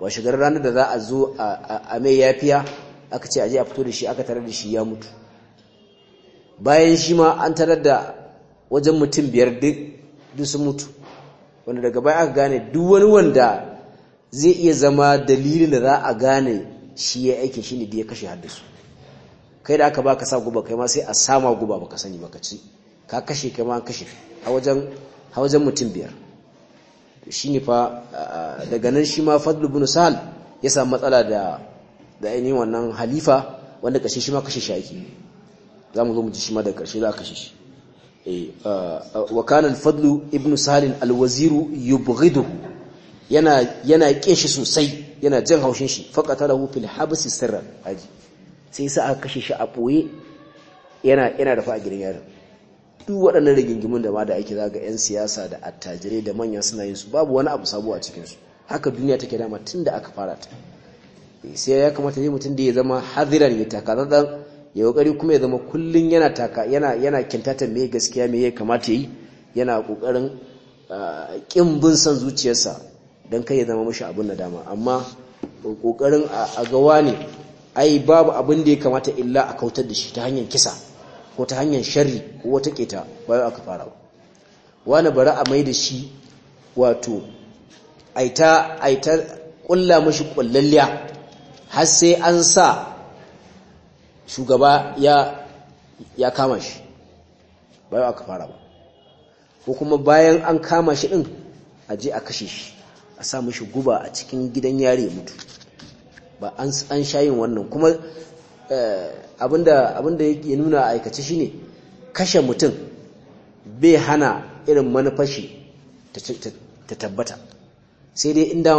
washe ranar da za a zo a mai yafiya aka ce aje a fito da shi aka tarar da shi ya mutu bayan shi ma an tarar da wajen mutum biyar duk sun mutu wanda daga baya aka gane duk wani wanda zai iya zama dalilin da za a gane shi ya aiki shi ne da ya kashe haddasu kai da aka ba ka sa guba kai ma sai a sama guba baka sani baka ci ka kashe kai ma an kashe a wajen a wajen mutum biyar ne fa daga nan shi ma fadlu Nusal sahal ya samu matsala da da ainihin wannan halifa wanda kashe shi ma kashe shi ake za mu zo mu ji shi ma da karshe za a kashe shi eh, wa kanan fadlu ibnu salin alwaziru waziru yana keshi shi sosai yana jan haushin shi faqatalahu fil habsi sirran aji sai sa a kashe shi a boye yana yana a gidan yaron duk waɗannan rigingimun da ma da ake zaga 'yan siyasa da attajirai da manyan suna yin su babu wani abu sabo a cikinsu haka duniya take dama tun da aka fara ta sai ya kamata ne mutum da ya zama hadiran ya taka dan ya kokari kuma ya zama kullun yana taka yana yana kintata me gaskiya me ya kamata yi yana kokarin kin bin san zuciyarsa dan kai ya zama mishi na dama amma kokarin a gawa ne ai babu abin da ya kamata illa a kautar da shi ta hanyar kisa ko ta hanyar sharri ko wata keta bayan aka fara wani bari a mai da shi wato aita aita kulla mashi kullalliya har sai an sa shugaba ya kama shi bayan aka fara ba ko kuma bayan an kama shi din a je a kashe shi a sa mishi guba a cikin gidan yare mutu ba an shayin wannan kuma eh, abinda abinda ya nuna a aikace shine kashe mutum bai hana irin manufashi ta tabbata sai dai inda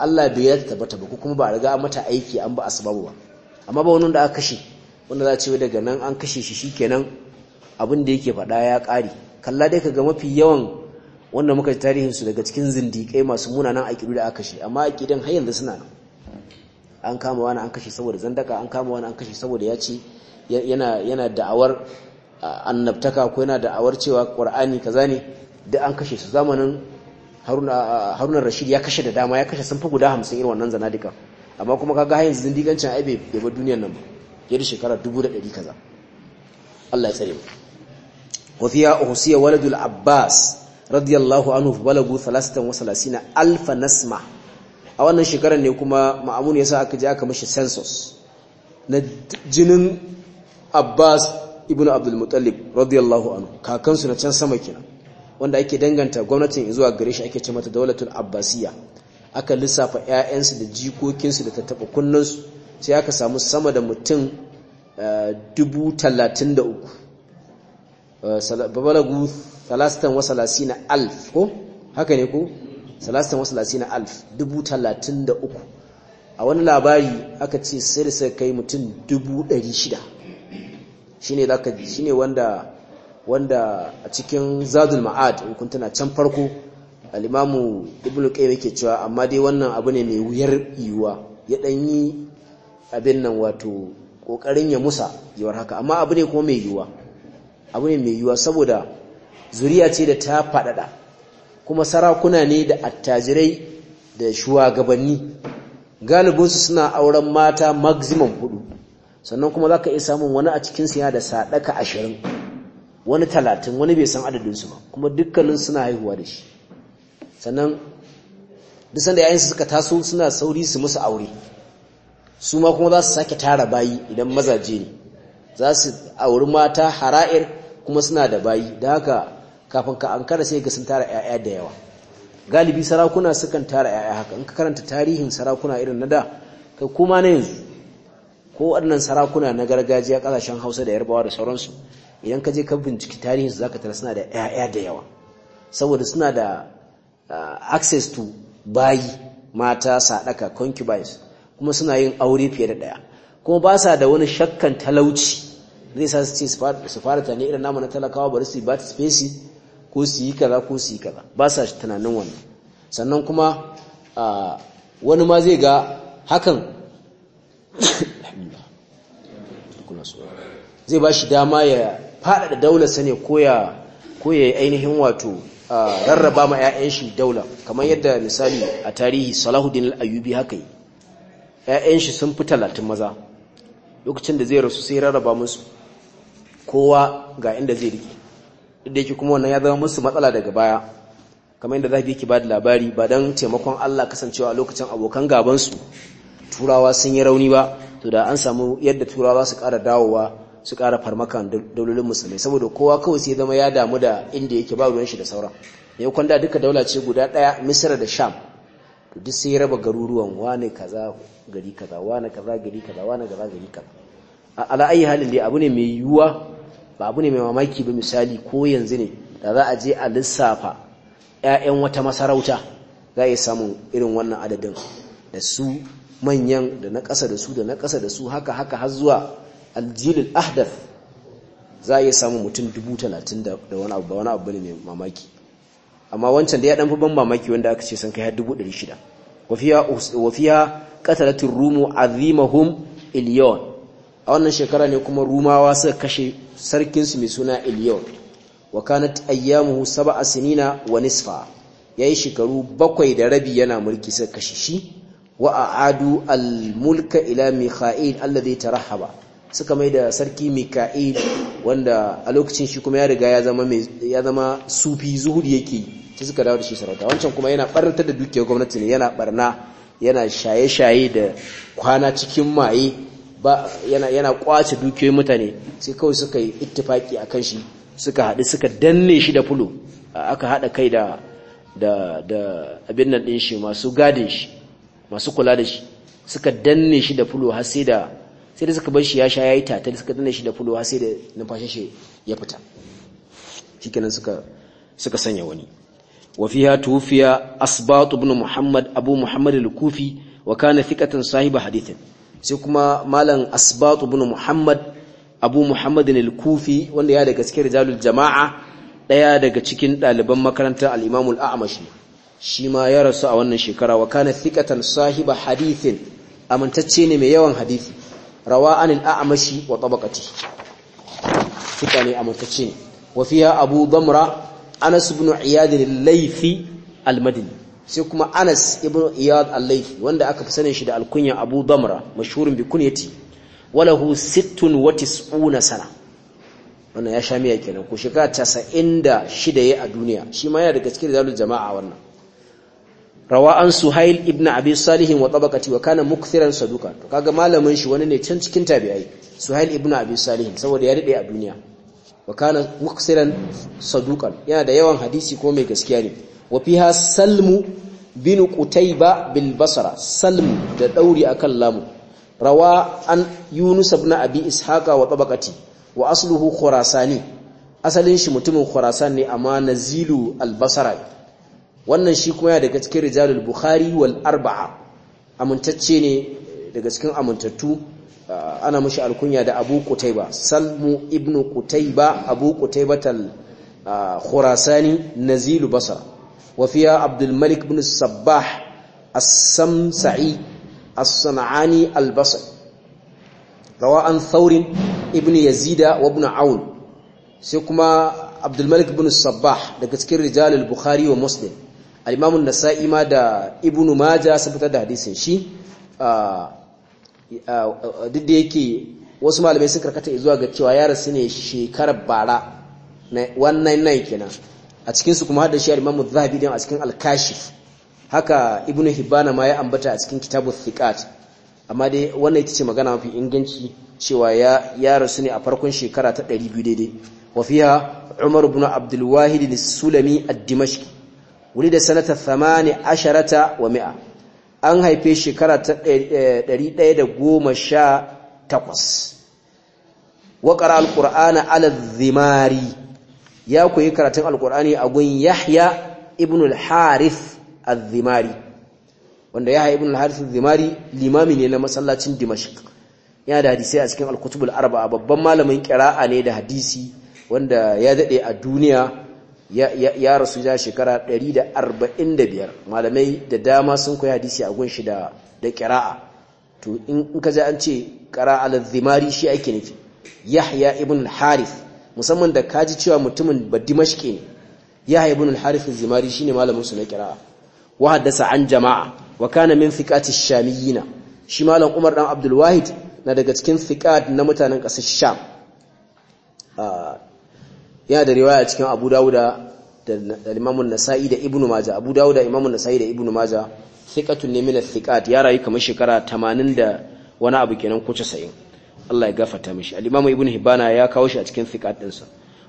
Allah bai ya tabbata ba ko kuma ba a riga mata aiki an ba asbabu ba amma ba wannan da aka kashe wanda za a ce daga nan an kashe shi shikenan abin da yake faɗa ya ƙare kalla dai kaga mafi yawan wanda muka ji tarihin su daga cikin zindikai masu munanan aƙidu da aka kashe amma aƙidan har yanzu suna nan an kama wani an kashe saboda zandaka an kama wani an kashe saboda ya ce yana yana da'awar annabtaka ko yana da'awar cewa qur'ani kaza ne duk an kashe su zamanin haruna rashid ya kashe da dama ya kashe sun fi guda hamsin irin wannan zanadika amma kuma kaga hayin zindigancin aibe bai bar duniyar nan ba ya da shekara dubu da ɗari kaza Allah ya tsare mu wafiya uhusiya waladul abbas radiyallahu anhu balagu 33 alfa nasma a wannan shekarar ne kuma ma'amun sa aka je aka mashi census na jinin abbas ibnu abdul muttalib radiyallahu anhu kakansu na can sama kenan wanda ake danganta gwamnatin zuwa gare shi ake ce mata daulatul abbasiya aka lissafa ƴaƴansu da jikokinsu da tattaɓa kunnansu sai aka samu sama da mutum eh, dubu talatin da uku eh, babalagu salastan wa salasina alf ko haka ne ko salastan wa salasina alf dubu talatin da uku a wani labari aka ce sai da kai mutum dubu ɗari shida shine wanda wanda a cikin zadul ma'ad in kun tana can farko al-imamu ibn qayyim yake cewa amma dai wannan abu ne mai wuyar yiwuwa ya dan yi abin nan wato kokarin ya musa yiwar haka amma abu ne kuma mai yiwuwa abu ne mai yiwuwa saboda zuriya ce da ta fadada kuma sarakuna ne da attajirai da shugabanni galibinsu suna auren mata maximum hudu sannan kuma zaka iya samun wani a cikin yana da sadaka ashirin wani talatin wani bai san adadinsu ba kuma dukkanin suna haihuwa da shi sannan duk sanda yayin suka taso suna sauri su musu aure su ma kuma za su sake tara bayi idan mazaje ne za su auri mata hara'ir kuma suna da bayi da haka kafin ka ankara sai ga sun tara 'ya'ya da yawa galibi sarakuna sukan tara 'ya'ya haka in ka karanta tarihin sarakuna irin na da kai kuma na yanzu ko waɗannan sarakuna na gargajiya ƙasashen hausa da yarbawa da sauransu idan ka je ka binciki tarihinsu za ka tara suna da 'ya'ya da yawa saboda suna da ah, access to bayi mata saɗaka concubines kuma suna yin aure fiye da ɗaya kuma ba sa da wani shakkan talauci zai sa su ce su fara tane irin namu na talakawa bari su yi ba spesi ko su yi kaza ko su yi kaza ba sa tunanin wannan sannan kuma ah, wani ma zai ga hakan [coughs] zai ba shi dama ya faɗaɗa daularsa ne ko ya yi ainihin wato rarraba ma 'ya'yan shi daula kamar yadda misali a tarihi salahuddin al'ayyubi haka yi 'ya'yan shi sun fi talatin maza lokacin da zai rasu sai rarraba musu kowa ga inda zai rike duk da yake kuma wannan ya zama musu matsala daga baya kamar yadda zafi yake ba da labari ba don taimakon allah kasancewa a lokacin abokan gabansu turawa sun yi rauni ba to da an samu yadda turawa su kara dawowa su ƙara farmakan daulolin musulmai saboda kowa kawai sai zama ya damu da inda yake ba ruwan shi da sauran ne da duka daula ce guda ɗaya Misira da sham to duk sai raba garuruwan wane kaza gari kaza wane kaza gari kaza wane kaza gari kaza ala ayi halin dai abu ne mai yiwuwa ba abu ne mai mamaki ba misali ko yanzu ne da za a je a lissafa ƴaƴan wata masarauta za a yi samun irin wannan adadin da su manyan da na ƙasa da su da na ƙasa da su haka haka har zuwa aljilul ahdaf za a iya samun mutum dubu talatin da wani abu ba wani abu ne mai mamaki amma wancan da ya ɗanfi ban mamaki wanda aka ce sun kai har dubu ɗari shida wafiya ƙatalatin rumu azimahum iliyon a wannan shekara ne kuma rumawa suka kashe sarkinsu mai suna iliyon wa kanat ayyamuhu sab'a sinina wa nisfa yayi shekaru bakwai da rabi yana mulki suka kashe shi wa aadu al-mulka ila mikhail alladhi tarahaba suka mai da sarki mika'il wanda a lokacin shi kuma ya riga ya zama sufi zuhudi yake sai suka dawo da shi sarauta wancan kuma yana barnatar da dukiyar gwamnati ne yana barna yana shaye-shaye da kwana cikin maye yana kwace dukiyoyin mutane sai kawai suka yi ittifaki kan shi suka haɗu suka danne shi da fulo aka haɗa kai da abin nan ɗin shi masu gadin shi masu kula da shi suka danne shi da fulo har sai da sai da suka bar shi ya sha ya yi tatar suka dana shi da fulowa sai da numfashin shi ya fita shikenan suka suka sanya wani wa fiha tufiya asbat ibn muhammad abu muhammad al-kufi wa kana thiqatan sahiba hadithin sai kuma malam asbat ibn muhammad abu muhammad al-kufi wanda ya daga cikin rijalul jama'a daya daga cikin daliban makarantar al-imam al shi ma ya rasu a wannan shekara wa kana thiqatan sahiba hadithin amintacce ne mai yawan hadisi rawa anil a'mashi wa tabaqati fika ne amintacce ne wa abu damra anas ibn iyad al al-madini sai kuma anas ibn iyad al-laythi wanda aka fi sanin shi da alkunya abu damra mashhurin bi kunyati walahu 96 sana wannan ya sha miya kenan ko shekara 96 yayi a duniya shi ma yana daga cikin rizalul jama'a wannan rawa an suhail ibn abi salihin wa tabaqati wa kana mukthiran saduka to kaga malamin shi wani ne can cikin tabi'ai suhail ibn abi salihin saboda ya rade a duniya wa kana mukthiran sadukan yana da yawan hadisi ko mai gaskiya ne wa fiha salmu bin qutayba bil basra salmu da dauri akan lamu rawa an yunus ibn abi ishaqa wa tabaqati wa asluhu khurasani asalin shi mutumin khurasan ne amma nazilu al basra wannan shi kuma ya daga cikin rijalul bukhari wal arba'a amintacce ne daga cikin amintattu ah, ana mashi alkunya da abu kutaiba salmu ibnu kutaiba abu kutaibatal ah, khurasani nazilu basra wa fiya abdul malik ibn sabbah as-samsa'i as-sanani al-basri rawa an thawrin ibn yazida wa ibn aun sai kuma abdul malik ibn sabbah daga cikin rijalul bukhari wa muslim alimamun nasai ma da ibnu maja sun fitar da hadisin shi duk da yake wasu malamai sun karkata zuwa ga cewa ya rasu ne shekarar bara 199 kenan a cikinsu kuma hada shi alimamun zahabi a cikin alkashif haka ibnu hibana ma ya ambata a cikin kitabun thikat amma dai wannan ita ce magana mafi inganci cewa ya ya rasu ne a farkon shekara ta 200 daidai wa fiha umar ibn abdul wahid sulami ad-dimashqi wuli da sanata thamani asharata wa mi'a an haife shekara ta 118 wa qara alqur'ana ala dhimari ya koyi karatun alqur'ani a gun yahya ibn al-harith al-dhimari wanda yahya ibn al-harith al-dhimari limami ne na masallacin dimashq yana da hadisi a cikin al-kutub al-arba'a babban malamin qira'a ne da hadisi wanda ya dade a duniya ya rasu ya shekara 145 malamai da dama sun koyi hadisi a gunshi da da qira'a to in ka ji an ce qira'a al-zimari shi ake nufi yahya ibn harith musamman da kaji cewa mutumin badimashki ne yahya ibn harith al-zimari shine malamin su na qira'a wa haddasa an jama'a wa kana min thiqati shamiyina shi malam umar dan abdul wahid na daga cikin thiqat na mutanen kasar sham ah, yana da riwaya cikin Abu Dawuda da Imam nasai da Ibn maja Abu Dawuda, da nasai da Ibn Majah thiqatun ne min thiqat ya rayu kamar shekara 80 da wani abu kenan ko 90 Allah ya gafarta mishi al-Imam Ibn Hibana ya kawo shi a cikin thiqat dinsa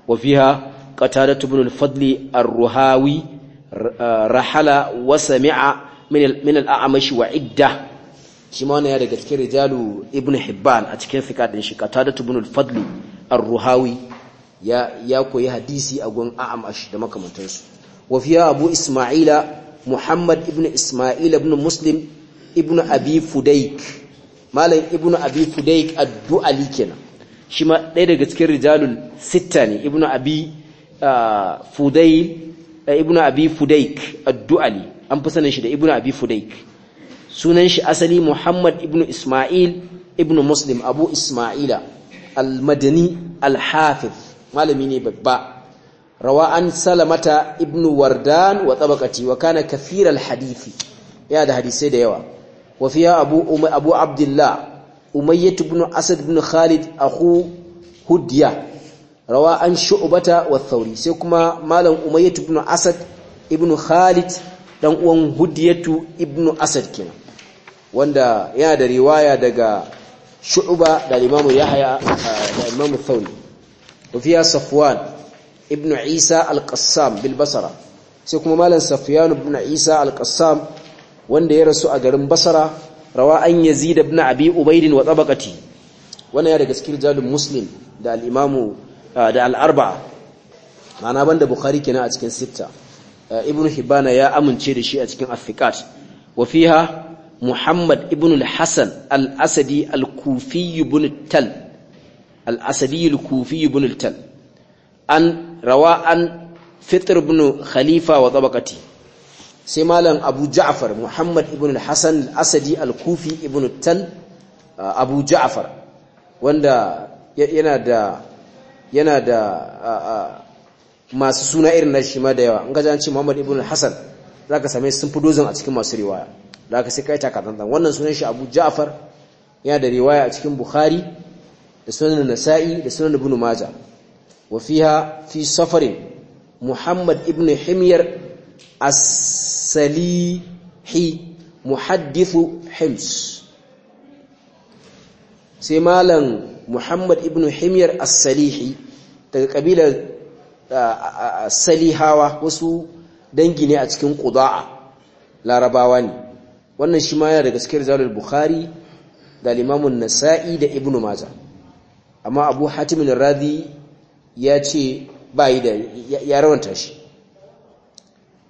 wa fiha qatada ibn al-Fadli ar-Ruhawi rahala wa sami'a min al-A'mash wa idda shi ma daga cikin rijalu Ibn Hibban a cikin thiqat din shi qatada ibn al-Fadli ar-Ruhawi ya koyi hadisi a gun a'amash da makamantansu wa fiya abu isma'ila muhammad ibn isma'ila ibnu muslim ibnu abi fudaik malam ibnu abi fudaik ad-du'ali kenan shi ma ɗaya daga cikin rijalul sitta ne ibnu abi ah, fudail eh, ibnu abi fudaik ad-du'ali an fi sanin shi da ibnu abi fudaik sunan shi asali muhammad ibnu isma'il ibnu muslim abu isma'ila al-madani al-hafiz malami ne babba rawa an salamata ibnu wardan wa tabaqati wa kana kathir alhadisi ya da hadisai da yawa wa fiya abu abu abdullah umayyah ibn asad ibn khalid akhu hudya rawa an shu'bata wa thawri sai kuma malam umayyah ibn asad ibn khalid dan uwan hudiyatu ibn asad kenan wanda yana da riwaya daga shu'ba da imamu yahya eh, da imamu thawri وفيها صفوان ابن عيسى القسام بالبصرة سيكون مالا صفيان ابن عيسى القسام wanda ya rasu a garin basara rawa an yazid ibn abi ubayd wa tabaqati wannan ya daga cikin jalil muslim da al-imamu da al-arba'a ma'ana banda bukhari kenan a cikin sitta Ibnu hibana ya amince da shi a cikin afiqat wa muhammad ibn Hassan al-asadi al-kufi Buntal. al-asadi al-kufi ibn an rawa an fitr ibn khalifa wa tabaqati sai malam abu ja'far muhammad ibn al-hasan al-asadi al-kufi yana da masu suna irin na shi da yawa in gaji an ce muhammad ibn al-hasan zaka same sun fi dozin a cikin masu riwaya da aka sai kai taka wannan sunan shi abu ja'far yana da riwaya a cikin bukhari da sunan nasa'i da sunan ibn maja wa fiha fi safarin muhammad ibn himyar as-salihi muhaddithu hims sai malam muhammad ibn himyar as-salihi daga kabilar salihawa wasu dangi ne a cikin qudaa larabawa ne wannan shi ma yana daga cikin rijalul bukhari da nasa'i da ibnu maja amma abu hatimin razi ya ce ba yi da ya rawanta shi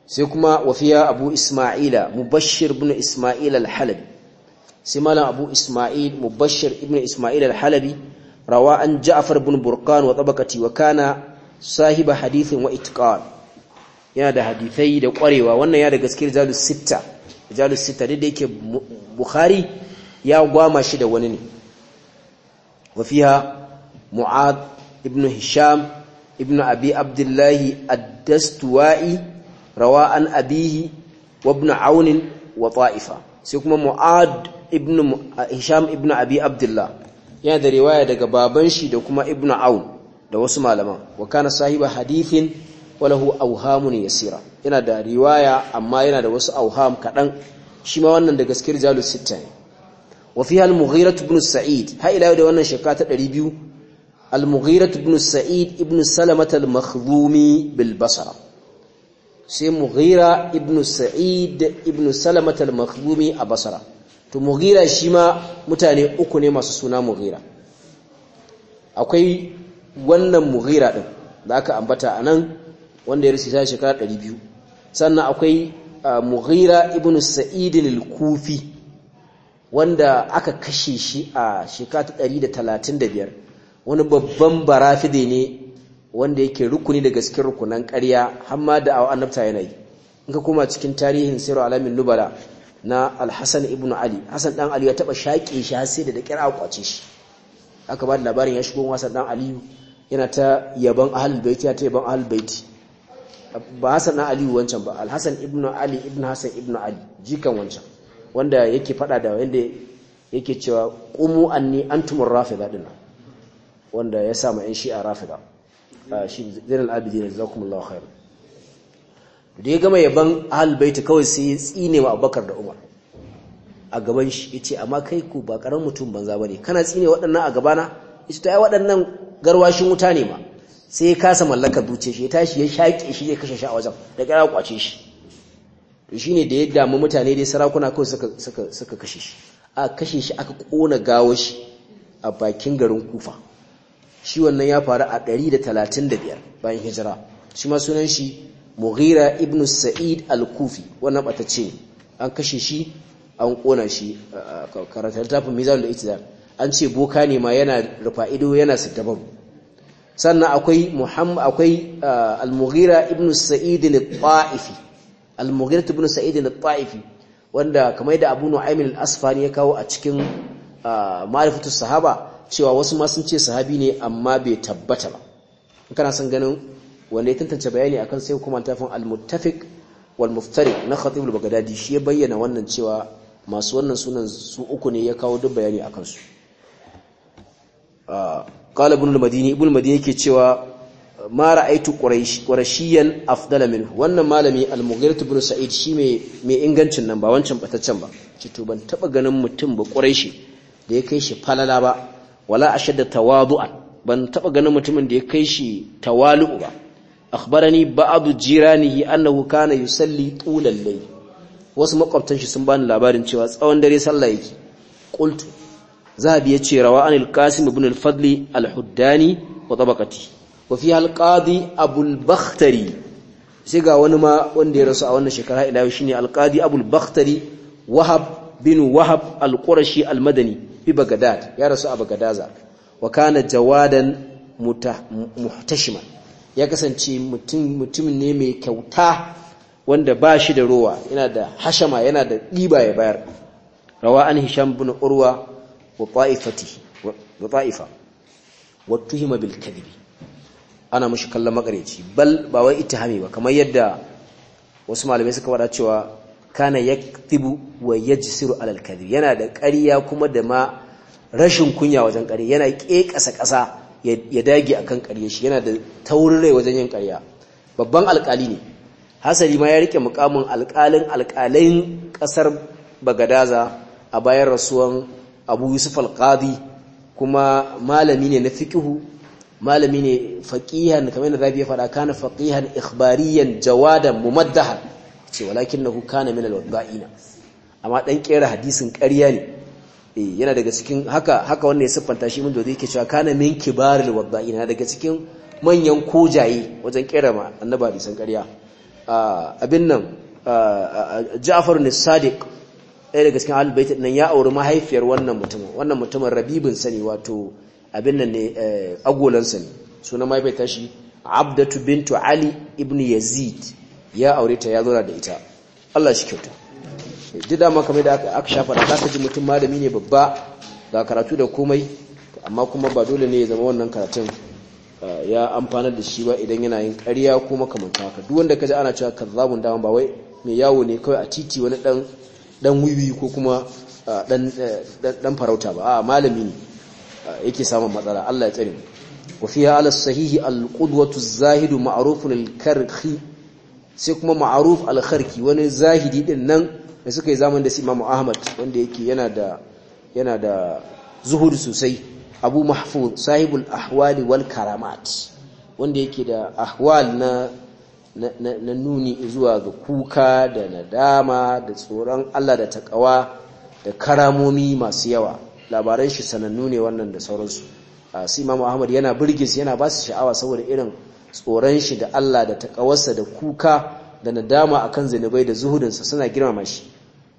sai kuma wafiya abu ismaila mubashir ibn ismail al-halabi sai malam abu ismail mubashir ibn ismail al-halabi rawa an ja'far ibn burqan wa tabaqati wa kana sahiba hadithin wa itqan yana da hadithai da kwarewa wannan ya da gaskiyar jalus sitta jalus sita da yake bukhari ya gwama shi da wani ne wafiya mu'ad ibn hisham ibn abi abdullahi ad-dastuwa'i rawa an abihi wa ibn aun sai kuma mu'ad ibn hisham ibn abi abdullah yana da riwaya daga baban shi da kuma ibn aun da wasu malaman wakana sahiba hadithin walahu auhamun yasira yana da riwaya amma yana da wasu auham kadan shi ma wannan da gaske jalus sitta ne wa fiha al-mughirah sa'id ha ila da wannan shekka ta ɗari biyu. al-mughiratu sa'id ibn salamata al-makhdumi sai muhira ibn sa'id ibn salamata al a basra to mughira shi ma mutane uku ne masu suna muhira. akwai wannan muhira ɗin, da aka ambata anan wanda ya rusa shekara 200 sannan akwai mughira ibn sa'id kufi wanda aka kashe shi a shekara biyar. wani babban barafide ne wanda yake rukuni da cikin rukunan ƙarya hamma da awa annabta yanayi in ka koma cikin tarihin siru alamin nubala na alhassan ibn ali hassan dan ali ya taba shaƙe shi har sai da daƙar a kwace shi aka ba da labarin ya shigo wasan dan aliyu yana ta yaban ahlul baiti ya ta yaban ahlul baiti ba Hassan na Aliyu wancan ba Alhassan, ibn Ali ibn Hassan ibn Ali jikan wancan wanda yake fada da wanda yake cewa qumu anni antumur rafida dinna wanda ya sa ma 'yan shi'a rafida ah, shi zainal abidin jazakumullahu khair da ya gama yaban ahlul bait kawai sai ya tsine wa abubakar da umar a gaban shi Ya ce amma kai ku ba karan mutum banza ne. kana tsine waɗannan a gabana Ya ce ta yi waɗannan garwashin wuta ne ma sai ya kasa mallaka duce shi ya tashi ya shaƙe shi ya kashe shi a wajen da kira kwace shi da ya damu mutane dai sarakuna kawai suka suka suka kashe shi a kashe shi aka ƙona gawo shi a bakin garin kufa shi wannan ya faru a 135 bayan hijira shi ma sunan shi mughira ibn sa'id al-kufi wannan bata ne an kashe shi an kona shi karanta littafin mizanul itidal an ce boka ne ma yana rufa yana siddabaru sannan akwai muhammad akwai al-mughira ibn sa'id al-ta'ifi al-mughira ibn sa'id al-ta'ifi wanda kamar da abu nu'aym al-asfani ya kawo a cikin ma'rifatu sahaba cewa wasu ma sun ce sahabi ne amma bai tabbata ba in kana son ganin wanda ya tantance bayani akan sai kuma tafin al-muttafiq wal muftari na khatib al-baghdadi shi ya bayyana wannan cewa masu wannan sunan su uku ne ya kawo duk bayani akan su ah, qala ibn al-madini ibn al-madini yake cewa ma quraish qurashiyan afdala minhu wannan malami al-mughirah ibn sa'id shi mai ingancin nan ba wancan can ba cito ban taba ganin mutum ba quraishi da ya kai shi falala ba wala ashadda tawadu'an ban taba ganin mutumin da ya kai shi tawalu'u ba akhbarani ba'd jiranihi annahu kana yusalli tulal layl wasu makwabtan shi sun bani labarin cewa tsawon dare sallah yake qultu zahabi yace rawa anil qasim ibn al-fadli al-huddani wa tabaqati wa fiha al-qadi bakhtari sai ga wani ma wanda ya rasu a wannan shekara ila shine al-qadi bakhtari wahab bin wahab al-qurashi al-madani bi bagadad ya rasu a bagadaza wa kana jawadan muhtashima ya kasance mutum ne mai kyauta wanda ba shi da rowa yana da hashama yana da ɗiba ya bayar rawa an hisham bin urwa wa ta'ifati wa qaifa wa tuhima bil kadhibi ana mushi kallon makareci bal ba wai ittihami ba kamar yadda wasu malamai suka fara cewa kana yaktibu wa yajsiru alal kadhib yana da ƙarya kuma da ma rashin kunya wajen ƙarya yana ƙeƙasa ƙasa ya dage akan ƙarya shi yana da taurin rai wajen yin ƙarya babban alƙali ne hasali ma ya rike mukamin alƙalin alƙalin ƙasar bagadaza a bayan rasuwan abu yusuf alƙadi kuma malami ne na fiƙihu malami ne faƙihan kamar da zabi ya faɗa kana faƙihan ikhbariyan jawadan mumaddahan ce walakinahu kana min waddaina amma dan ƙera hadisin ƙarya ne eh, yana daga cikin haka haka wannan ya siffanta shi mun da yake cewa kana min kibaril wadda'ina daga cikin manyan kojaye wajen ƙera ma annabi hadisin ƙarya ah, abin nan ah, ah, Ja'far ne Sadiq ɗaya daga cikin ahlul bait nan ya auri mahaifiyar wannan mutumin wannan mutumin Rabibin sani wato abin nan ne eh, agolan ne. sunan mahaifiyar tashi Abdatu bintu Ali ibn Yazid ya aure ta ya zauna da ita Allah shi kyauta duk da mai da aka shafa da zaka ji mutum malami ne babba ga karatu da komai amma kuma ba dole ne ya zama wannan karatun eh, ya amfana da shi ba idan yana yin ƙarya ko makamanta haka duk wanda ka kaji ana cewa kazzabun dawon ba wai mai yawo ne kawai a titi wani dan dan wiwi ko kuma dan eh, eh, farauta ba a malami ne yake samun matsala Allah ya tsare mu wa fiha ala sahihi al-qudwatu zahidu ma'rufun al sai kuma ma'aruf alkharki wani zahidi din nan da suka yi zaman da su imamu ahmad wanda yake yana da yana sosai abu mahfuz sahibul ahwali wal karamat wanda yake da ahwal na nuni zuwa ga kuka da nadama da tsoron Allah da takawa da karamomi masu yawa labaran shi sanannu ne wannan da sauransu ah, su imamu ahmad yana birgis yana ba su sha'awa saboda irin tsoron shi da Allah da takawarsa da kuka da nadama akan zinubai da zuhudinsa suna girmama shi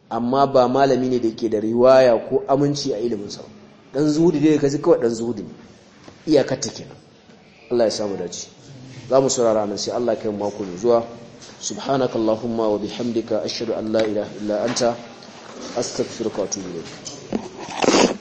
amma ba malami ne da ke da riwaya ko aminci a ilimin sa dan zuhudi dai kaji kawai dan zuhudi ne iyakar ta kenan Allah ya samu dace za mu saurara nan sai Allah kai mako mai zuwa allahumma wa bihamdika ashhadu an la ilaha illa anta astaghfiruka wa atubu ilayk